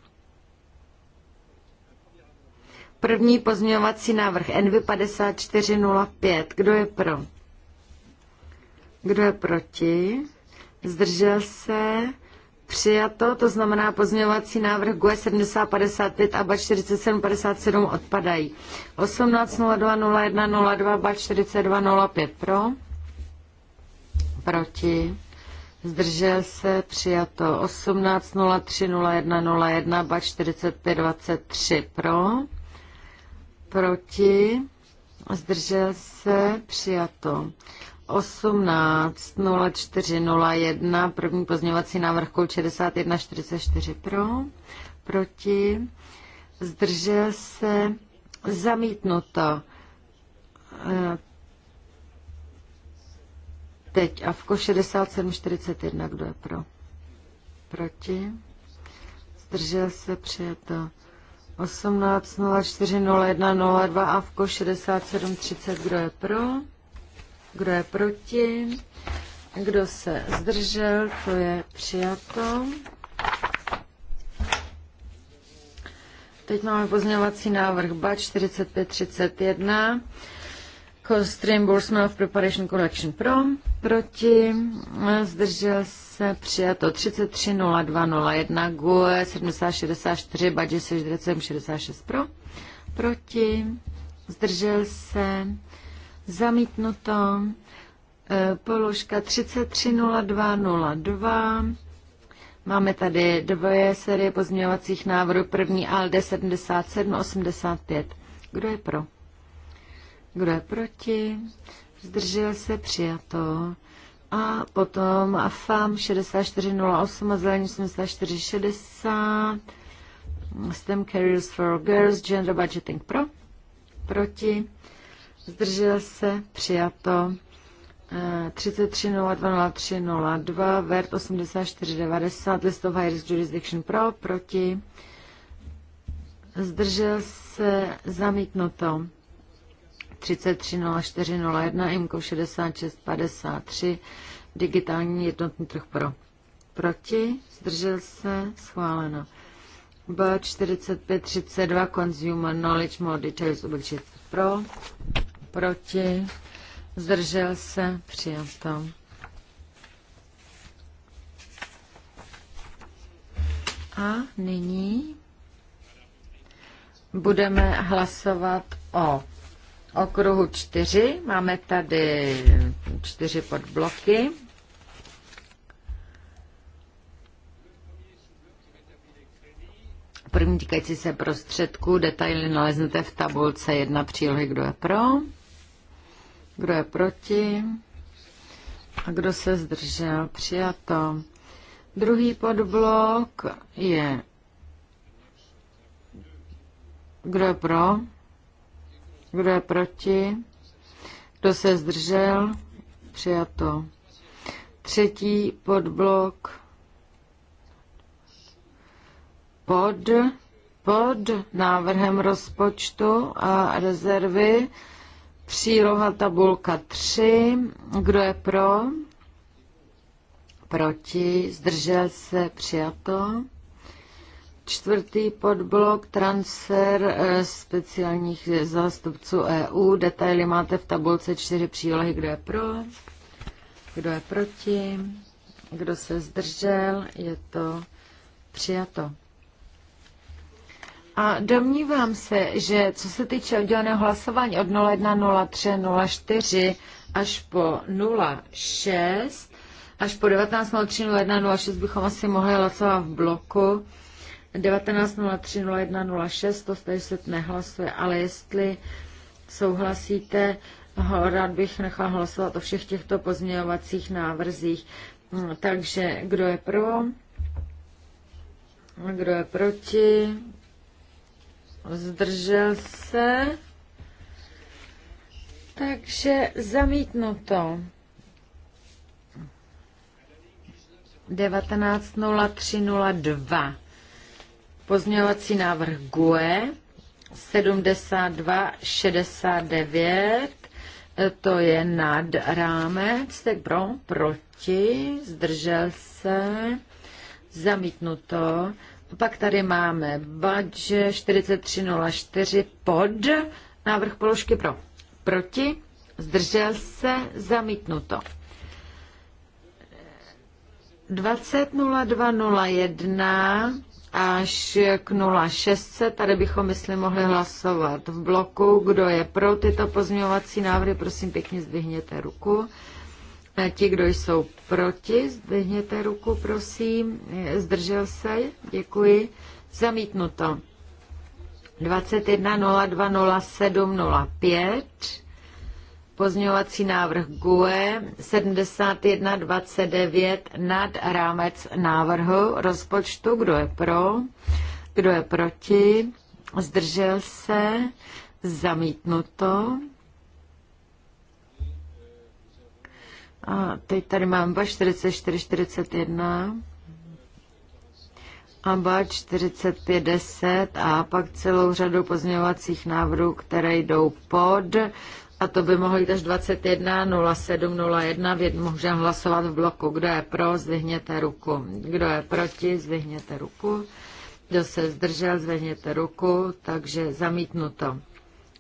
A: První pozměňovací návrh NV 5405. Kdo je pro? Kdo je proti? Zdržel se? Přijato, to znamená pozměňovací návrh GUE 7055 a BA 4757 odpadají. 18.02.01.02 BA 4205 pro. Proti. Zdržel se, přijato 18.03.01.01 BA 4523 pro. Proti. Zdržel se, přijato. 18.04.01, první pozměňovací návrh kol 61.44 pro, proti, zdržel se, zamítnuto. Eh, teď a AVKO 67.41, kdo je pro? Proti, zdržel se, přijeto. 18.04.01.02 a AVKO 67.30, kdo je pro? Kdo je proti? Kdo se zdržel? To je přijato. Teď máme pozměňovací návrh BA 4531. Cost reimbursement of preparation collection pro, proti, zdržel se přijato 330201, GUE 7064, BADGE 4766 pro, proti, zdržel se zamítnuto, e, položka 330202, Máme tady dvě série pozměňovacích návrhů, první ALD 7785. Kdo je pro? Kdo je proti? Zdržel se přijato. A potom AFAM 6408 a zelení 7460. STEM Careers for Girls, Gender Budgeting pro? Proti? zdržel se, přijato 33020302, VERT 8490, List of High Jurisdiction pro, proti, zdržel se, zamítnuto 330401, IMCO 6653, digitální jednotný trh pro, proti, zdržel se, schváleno. B4532 Consumer Knowledge More Details Obligation pro, proti, zdržel se, přijato. A nyní budeme hlasovat o okruhu čtyři. Máme tady čtyři podbloky. První týkající se prostředků, detaily naleznete v tabulce 1 přílohy, kdo je pro. Kdo je proti? A kdo se zdržel? Přijato. Druhý podblok je kdo je pro? Kdo je proti? Kdo se zdržel? Přijato. Třetí podblok. Pod, pod návrhem rozpočtu a rezervy Příloha tabulka 3. Kdo je pro? Proti. Zdržel se. Přijato. Čtvrtý podblok transfer eh, speciálních zástupců EU. Detaily máte v tabulce 4 přílohy. Kdo je pro? Kdo je proti? Kdo se zdržel? Je to přijato. A domnívám se, že co se týče odděleného hlasování od 01.03.04 až po 06, až po 19.03.01.06 bychom asi mohli hlasovat v bloku. 19.03.01.06, to tady se nehlasuje, ale jestli souhlasíte, rád bych nechal hlasovat o všech těchto pozměňovacích návrzích. Hm, takže kdo je pro? Kdo je proti? zdržel se, takže zamítnuto. 19.03.02. Pozměňovací návrh GUE 7269, to je nad rámec, tak pro, proti, zdržel se, zamítnuto, pak tady máme badge 4304 pod návrh položky pro. Proti, zdržel se, zamítnuto. 20.02.01 až k 06. Tady bychom, myslím, mohli hlasovat v bloku. Kdo je pro tyto pozměňovací návrhy, prosím pěkně zdvihněte ruku. Ti, kdo jsou proti, zdvihněte ruku, prosím. Zdržel se, děkuji. Zamítnuto. 21020705. Pozňovací návrh GUE 7129 nad rámec návrhu rozpočtu. Kdo je pro? Kdo je proti? Zdržel se? Zamítnuto. A teď tady mám ba 44, 41 a ba 45, 10 a pak celou řadu pozměňovacích návrhů, které jdou pod a to by mohlo jít až 21.07.01. Věd můžeme hlasovat v bloku. Kdo je pro, zvihněte ruku. Kdo je proti, zvihněte ruku. Kdo se zdržel, zvedněte ruku. Takže zamítnuto.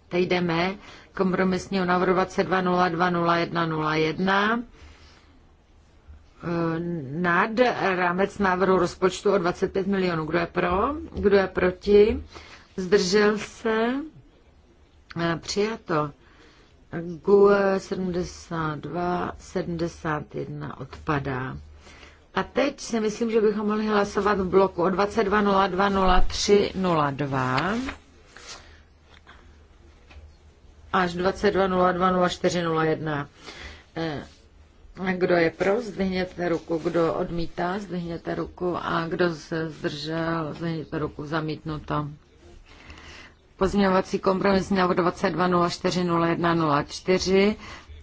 A: Teď jdeme kompromisního návrhu 22.02.01.01. Eh, nad rámec návrhu rozpočtu o 25 milionů. Kdo je pro? Kdo je proti? Zdržel se? Eh, přijato. GUE 72, 71 odpadá. A teď si myslím, že bychom mohli hlasovat v bloku o 22.02.03.02 až 22.02.04.01. Kdo je pro, zdvihněte ruku. Kdo odmítá, zdvihněte ruku. A kdo se zdržel, zdvihněte ruku. Zamítnuto. Pozměňovací kompromisní na 22040104.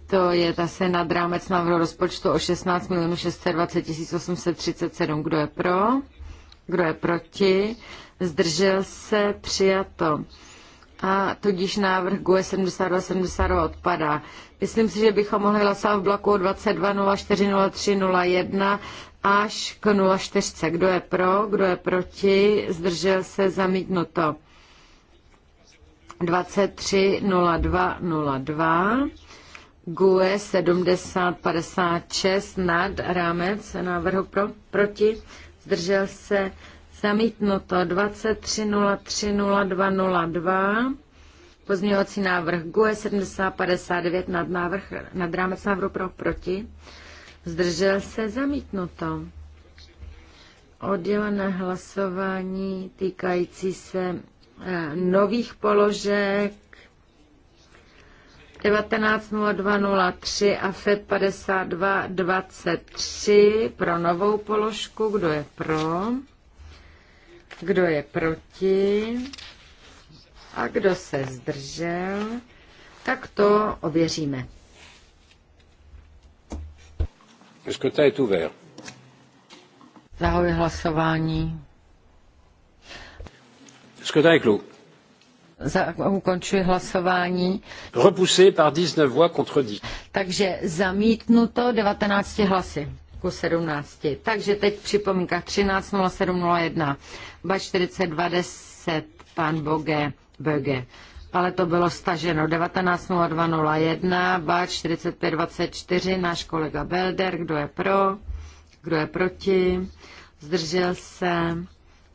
A: To je zase nad rámec návrhu rozpočtu o 16 620 837. Kdo je pro? Kdo je proti? Zdržel se? Přijato a tudíž návrh GUE 7272 odpadá. Myslím si, že bychom mohli hlasovat v bloku 22040301 až k 04. Kdo je pro, kdo je proti, zdržel se zamítnuto. 230202 GUE 7056 nad rámec návrhu pro, proti, zdržel se Zamítnuto 23030202. Pozměňovací návrh GUE 7059 nad, návrh, nad rámec návrhu pro proti. Zdržel se zamítnuto. Oddělené hlasování týkající se eh, nových položek 19.02.03 a FED 52.23 pro novou položku. Kdo je pro? kdo je proti a kdo se zdržel, tak to ověříme. Zahoj hlasování. Scrutin clos. Za, ukončuji hlasování. Repoussé par 19 voix contre 10. Takže zamítnuto 19 hlasy roku 17. Takže teď připomínka 13.07.01, ba 42.10, pan Boge, Böge. Ale to bylo staženo 19.02.01, ba 45.24, náš kolega Belder, kdo je pro, kdo je proti, zdržel se,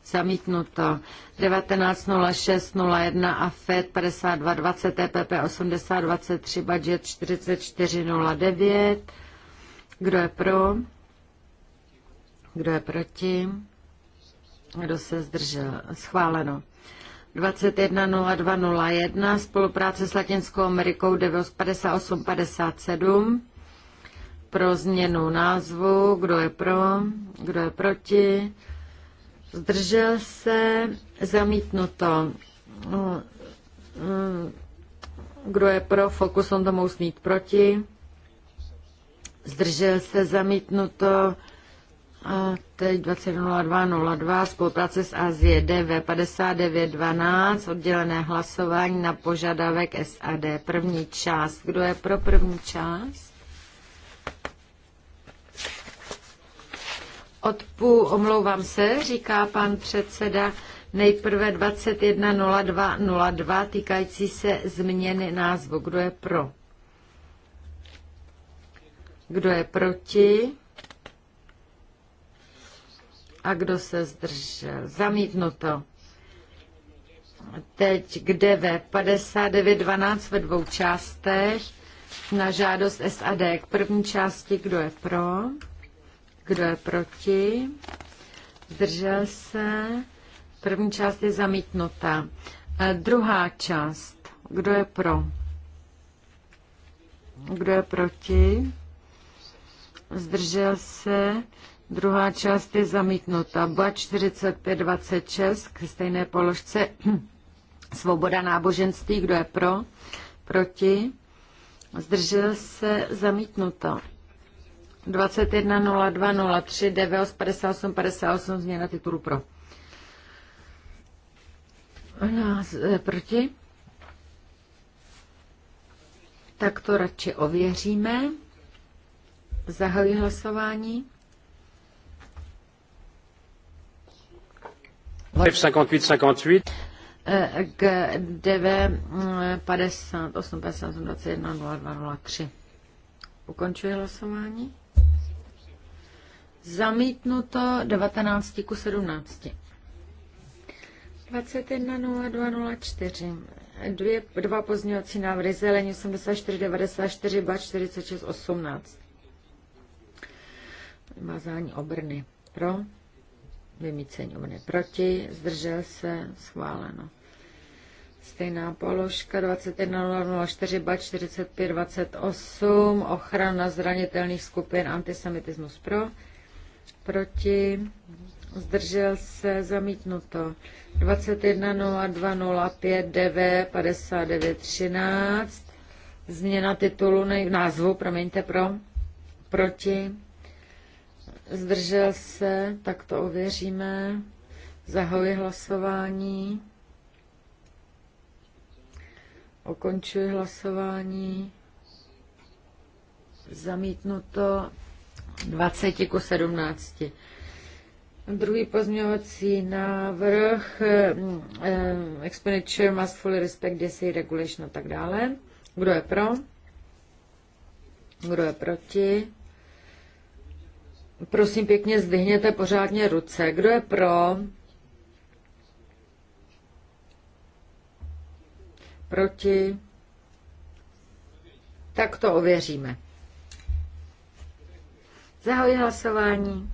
A: zamítnuto. 19.06.01 a FED 52.20 TPP 80.23 budget 44.09. Kdo je pro? Kdo je proti? Kdo se zdržel? Schváleno. 210201 spolupráce s Latinskou Amerikou 95857 pro změnu názvu, kdo je pro, kdo je proti, zdržel se, zamítnuto, kdo je pro, fokus on to mít proti, zdržel se, zamítnuto, a teď 21.02.02 spolupráce s Azie DV 59.12 oddělené hlasování na požadavek SAD první část. Kdo je pro první část? Odpů, omlouvám se, říká pan předseda, nejprve 21.02.02 týkající se změny názvu. Kdo je pro? Kdo je proti? A kdo se zdržel? Zamítnuto. Teď k DV 5912 ve dvou částech na žádost SAD. K první části, kdo je pro, kdo je proti, zdržel se. První část je zamítnuta. E, druhá část, kdo je pro, kdo je proti, zdržel se. Druhá část je zamítnuta. Ba 4526 k stejné položce svoboda náboženství. Kdo je pro? Proti? Zdržel se zamítnuto. 21.02.03 DVOS změna titulu pro. je eh, proti? Tak to radši ověříme. Zahajuji hlasování.
C: 58-58.
A: K DV 58 58 21 02 03. Ukončuji hlasování. Zamítnuto 19 ku 17. 21.02.04. Dvě, dva pozměňovací návrhy zelení 84.94 BA 46.18. Vymazání obrny. Pro? vymícení proti, zdržel se, schváleno. Stejná položka 21.04 bač 45.28 ochrana zranitelných skupin antisemitismus pro proti zdržel se zamítnuto 21.02.05.9.59.13 změna titulu nej, názvu promiňte pro proti zdržel se, tak to ověříme. Zahajuji hlasování. Ukončuji hlasování. Zamítnuto 20 ku 17. Druhý pozměňovací návrh, eh, expenditure must fully respect DSA regulation a tak dále. Kdo je pro? Kdo je proti? Prosím pěkně, zdvihněte pořádně ruce. Kdo je pro? Proti? Tak to ověříme. Zahoj hlasování.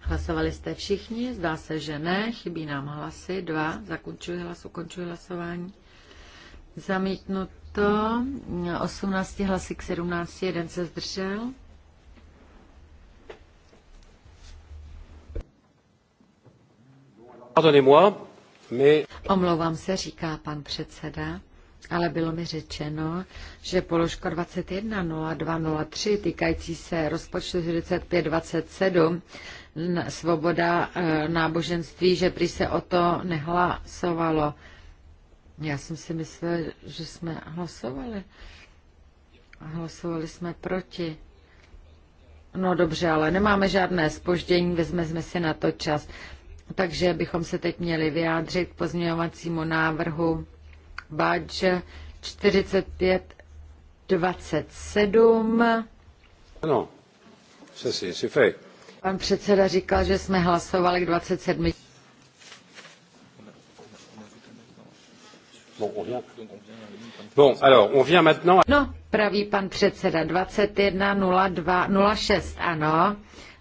A: Hlasovali jste všichni? Zdá se, že ne. Chybí nám hlasy. Dva. Zakončuji hlas, ukončuji hlasování. Zamítnuto 18 hlasy k 17, jeden se zdržel. Omlouvám se, říká pan předseda, ale bylo mi řečeno, že položka 210203 týkající se rozpočtu 4527 svoboda e, náboženství, že prý se o to nehlasovalo. Já jsem si myslela, že jsme hlasovali. Hlasovali jsme proti. No dobře, ale nemáme žádné spoždění, vezmeme si na to čas. Takže bychom se teď měli vyjádřit k pozměňovacímu návrhu Badge 4527.
C: Ano, přesně, si fej.
A: Pan předseda říkal, že jsme hlasovali k 27.
C: Bon, on vient. Bon, alors, on vient maintenant...
A: No, praví pan předseda 21.02.06, ano.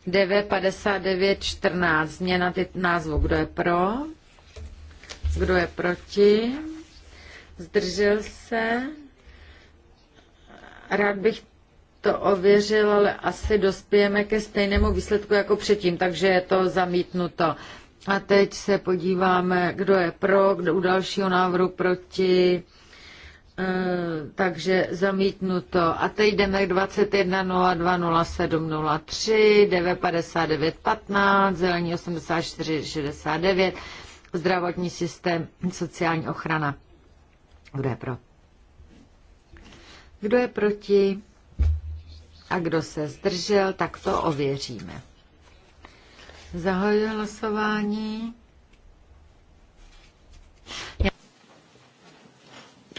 A: 9.59.14, změna ty, názvu. Kdo je pro? Kdo je proti? Zdržel se? Rád bych to ověřil, ale asi dospějeme ke stejnému výsledku jako předtím, takže je to zamítnuto. A teď se podíváme, kdo je pro, kdo u dalšího návrhu proti. Eh, takže zamítnuto. A teď jdeme k 21.02.07.03, 9.59.15, zelení 84.69, zdravotní systém, sociální ochrana. Kdo je pro? Kdo je proti? A kdo se zdržel, tak to ověříme. Zahajuji hlasování.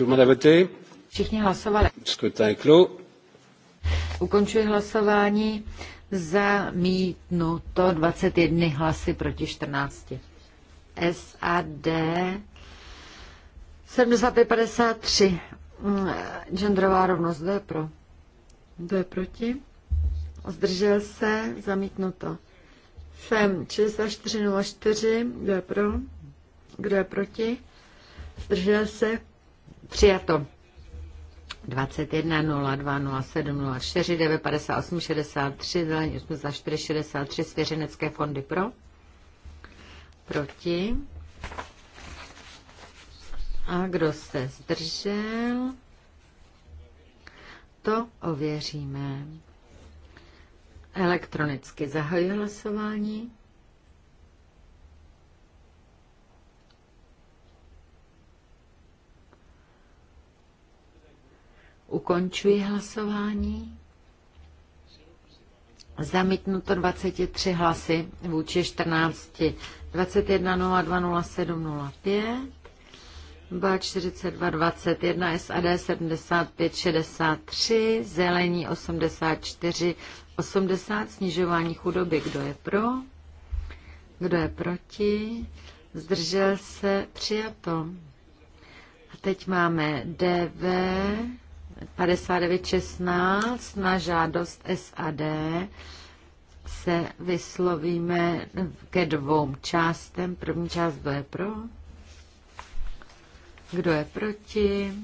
A: a Všichni hlasovali.
C: Scrutin clos.
A: Ukončuji hlasování. to 21 hlasy proti 14. SAD 7553. Genderová rovnost. Kdo je pro? Kdo je proti? Zdržel se? Zamítnuto. FEM 6404, kdo je pro, kdo je proti, zdržel se, přijato. 21.02.07.04.958.63, zelení 84 svěřenecké fondy pro proti a kdo se zdržel to ověříme Elektronicky zahajuji hlasování. Ukončuji hlasování. Zamítnuto 23 hlasy vůči 14. 21.02.07.05, BA 4221 SAD 75.63, Zelení 84, 80 snižování chudoby. Kdo je pro? Kdo je proti? Zdržel se? Přijato. A teď máme DV 5916 na žádost SAD se vyslovíme ke dvou částem. První část, kdo je pro? Kdo je proti?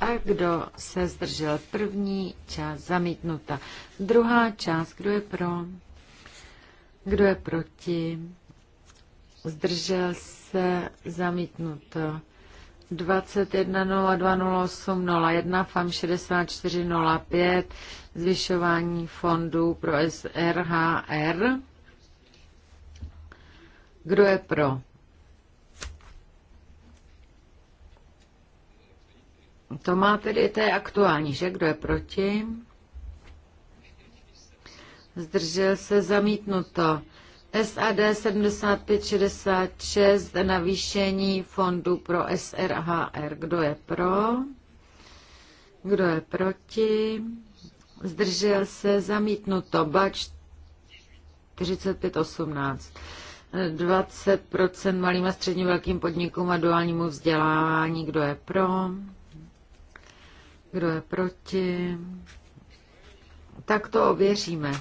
A: A kdo se zdržel? První část zamítnuta. Druhá část, kdo je pro? Kdo je proti? Zdržel se zamítnuto. 21.02.08.01 FAM 64.05 zvyšování fondů pro SRHR. Kdo je pro? To má tedy, to je aktuální, že? Kdo je proti? Zdržel se zamítnuto. SAD 7566 navýšení fondu pro SRHR. Kdo je pro? Kdo je proti? Zdržel se zamítnuto. Bač 4518. 20% malým a středním velkým podnikům a duálnímu vzdělávání. Kdo je pro? Kdo je proti? Tak to ověříme.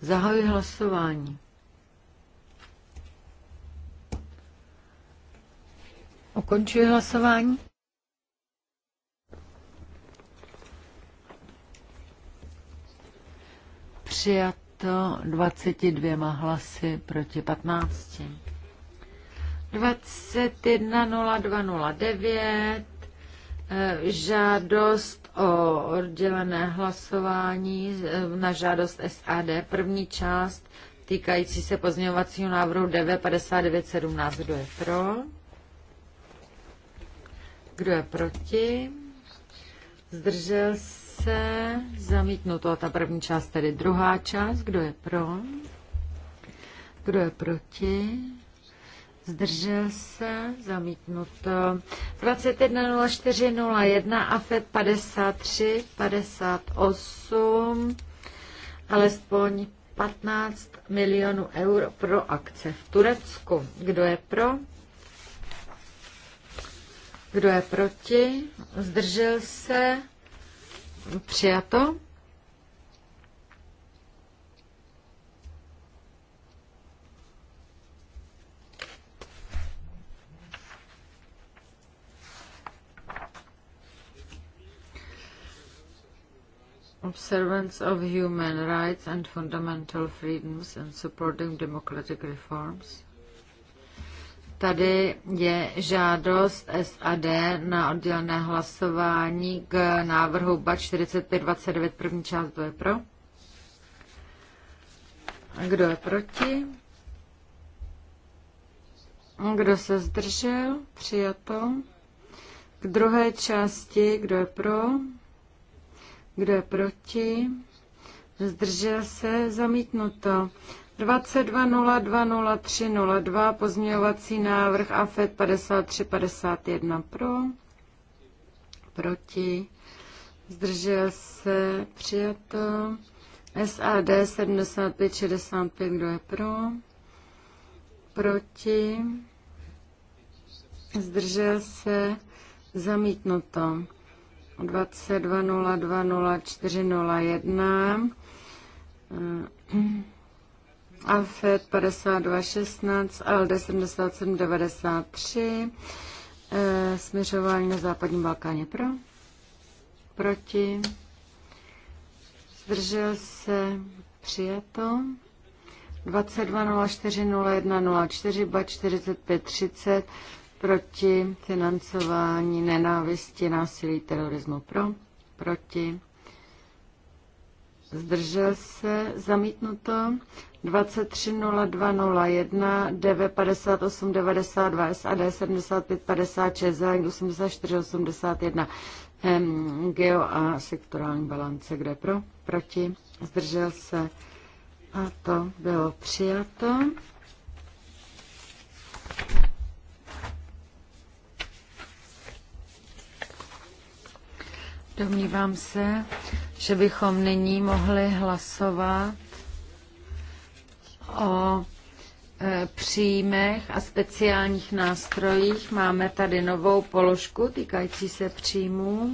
A: Zahajuji hlasování. Ukončuji hlasování. Přijato 22 hlasy proti 15. 21.02.09 eh, žádost o oddělené hlasování eh, na žádost SAD. První část týkající se pozměňovacího návrhu DV 5917. Kdo je pro? Kdo je proti? Zdržel se? Zamítnuto. ta první část, tedy druhá část. Kdo je pro? Kdo je proti? Zdržel se, zamítnuto. 21.04.01 a FED 53, 58, alespoň 15 milionů eur pro akce v Turecku. Kdo je pro? Kdo je proti? Zdržel se? Přijato? observance of human rights and fundamental freedoms and supporting democratic reforms. Tady je žádost SAD na oddělené hlasování k návrhu BA 4529, první část, kdo je pro? Kdo je proti? Kdo se zdržel? Přijato. K druhé části, kdo je pro? Kdo je proti? Zdržel se? Zamítnuto. 22020302 pozměňovací návrh AFED e 5351 pro. Proti. Zdržel se? Přijato. SAD 7565, kdo je pro? Proti? Zdržel se? Zamítnuto. 22020401 eh, Alfred 5216 ALD 7793 směřování na západní Balkáně pro, proti, zdržel se, přijato, 22040104 BA 4530 proti financování nenávisti, násilí, terorismu pro, proti, zdržel se, zamítnuto, 230201, DV 5892, SAD 7556, ZAG 8481, GEO a sektorální balance, kde pro, proti, zdržel se a to bylo přijato. Domnívám se, že bychom nyní mohli hlasovat o e, příjmech a speciálních nástrojích. Máme tady novou položku týkající se příjmů.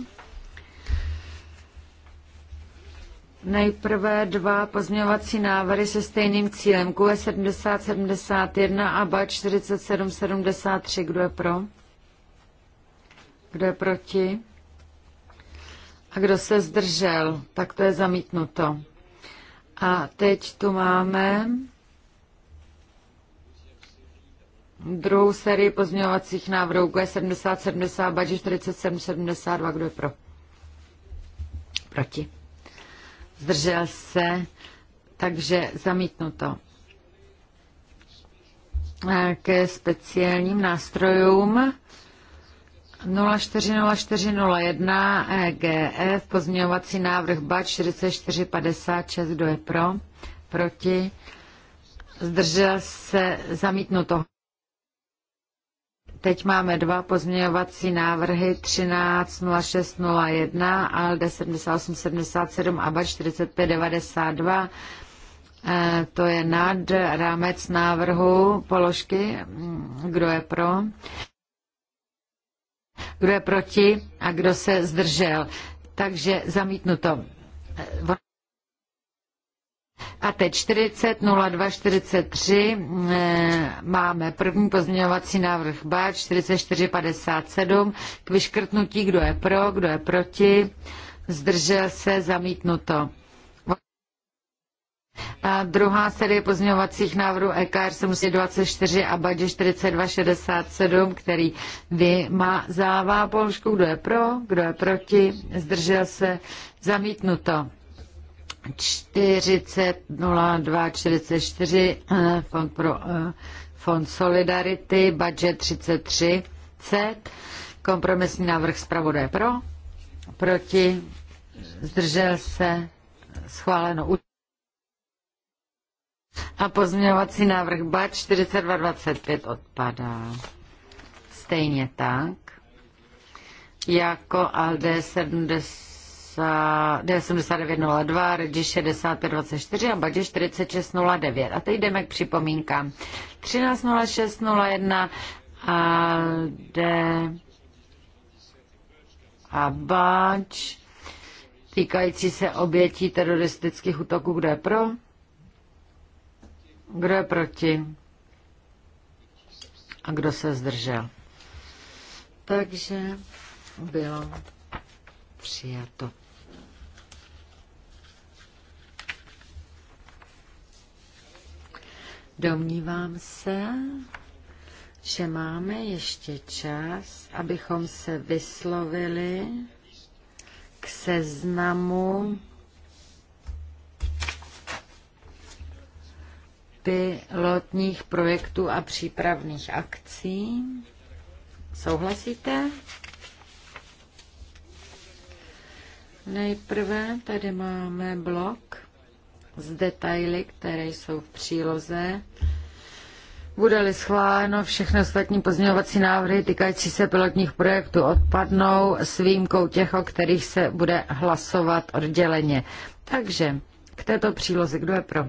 A: Nejprve dva pozměňovací návrhy se stejným cílem. QE 7071 a BA 4773. Kdo je pro? Kdo je proti? A kdo se zdržel, tak to je zamítnuto. A teď tu máme druhou sérii pozměňovacích návrhů G70, 70, Bači 47, 72. Kdo je pro? Proti. Zdržel se, takže zamítnuto. Ke speciálním nástrojům 040401 EGF, pozměňovací návrh BAT 4456, kdo je pro, proti, zdržel se zamítnuto. Teď máme dva pozměňovací návrhy 130601 ALD 7877 a 4592. 4592. E, to je nad rámec návrhu položky. Kdo je pro? Kdo je proti a kdo se zdržel? Takže zamítnuto. A teď 40 02 43 máme první pozměňovací návrh B, 44 57 k vyškrtnutí, kdo je pro, kdo je proti, zdržel se, zamítnuto. A druhá série pozměňovacích návrhů EKR 724 a Badě 4267, který vymazává položku, Kdo je pro, kdo je proti, zdržel se, zamítnuto. 400244 eh, fond pro eh, fond Solidarity, budget 33 C, kompromisní návrh zpravodaje pro, proti, zdržel se, schváleno. A pozměňovací návrh BAT 4225 odpadá. Stejně tak. Jako ALD 7902, Regi 6524 a Badě 4609. A teď jdeme k připomínkám. 130601 ALD a Bač týkající se obětí teroristických útoků. kde je pro? Kdo je proti? A kdo se zdržel? Takže bylo přijato. Domnívám se, že máme ještě čas, abychom se vyslovili k seznamu pilotních projektů a přípravných akcí. Souhlasíte? Nejprve tady máme blok s detaily, které jsou v příloze. Bude-li schváleno, všechny ostatní pozměňovací návrhy týkající se pilotních projektů odpadnou s výjimkou těch, o kterých se bude hlasovat odděleně. Takže k této příloze, kdo je pro?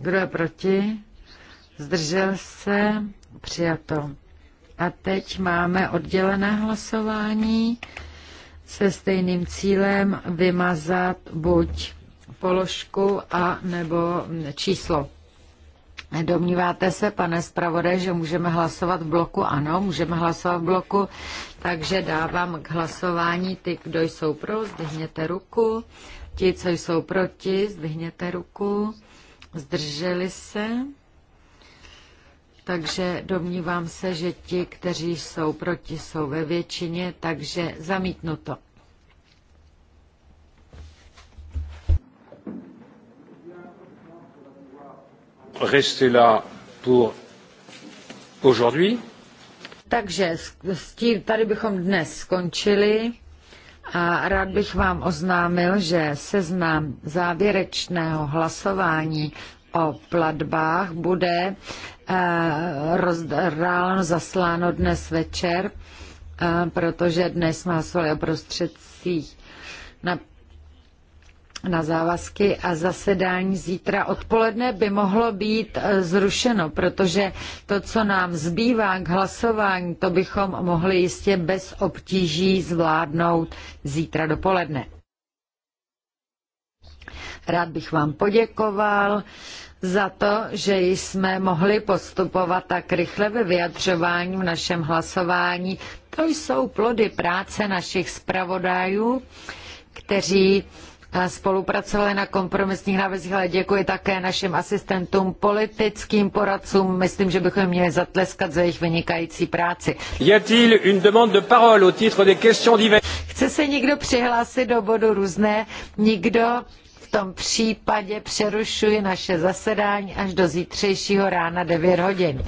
A: Kdo je proti? Zdržel se? Přijato. A teď máme oddělené hlasování se stejným cílem vymazat buď položku a nebo číslo. Domníváte se, pane zpravodaj, že můžeme hlasovat v bloku? Ano, můžeme hlasovat v bloku, takže dávám k hlasování ty, kdo jsou pro, zdvihněte ruku. Ti, co jsou proti, zdvihněte ruku zdrželi se. Takže domnívám se, že ti, kteří jsou proti, jsou ve většině, takže to.
C: Restez là pour aujourd'hui.
A: Takže tady bychom dnes skončili. A rád bych vám oznámil, že seznam závěrečného hlasování o platbách bude eh, ráno zasláno dnes večer, eh, protože dnes jsme hlasovali o prostředcích na na závazky a zasedání zítra odpoledne by mohlo být eh, zrušeno, protože to, co nám zbývá k hlasování, to bychom mohli jistě bez obtíží zvládnout zítra dopoledne. Rád bych vám poděkoval za to, že jsme mohli postupovat tak rychle ve vyjadřování v našem hlasování. To jsou plody práce našich zpravodajů, kteří spolupracovali na kompromisních návrzích, ale děkuji také našim asistentům, politickým poradcům. Myslím, že bychom měli zatleskat za jejich vynikající práci. Chce se někdo přihlásit do bodu různé? Nikdo? V tom případě přerušuji naše zasedání až do zítřejšího rána 9 hodin.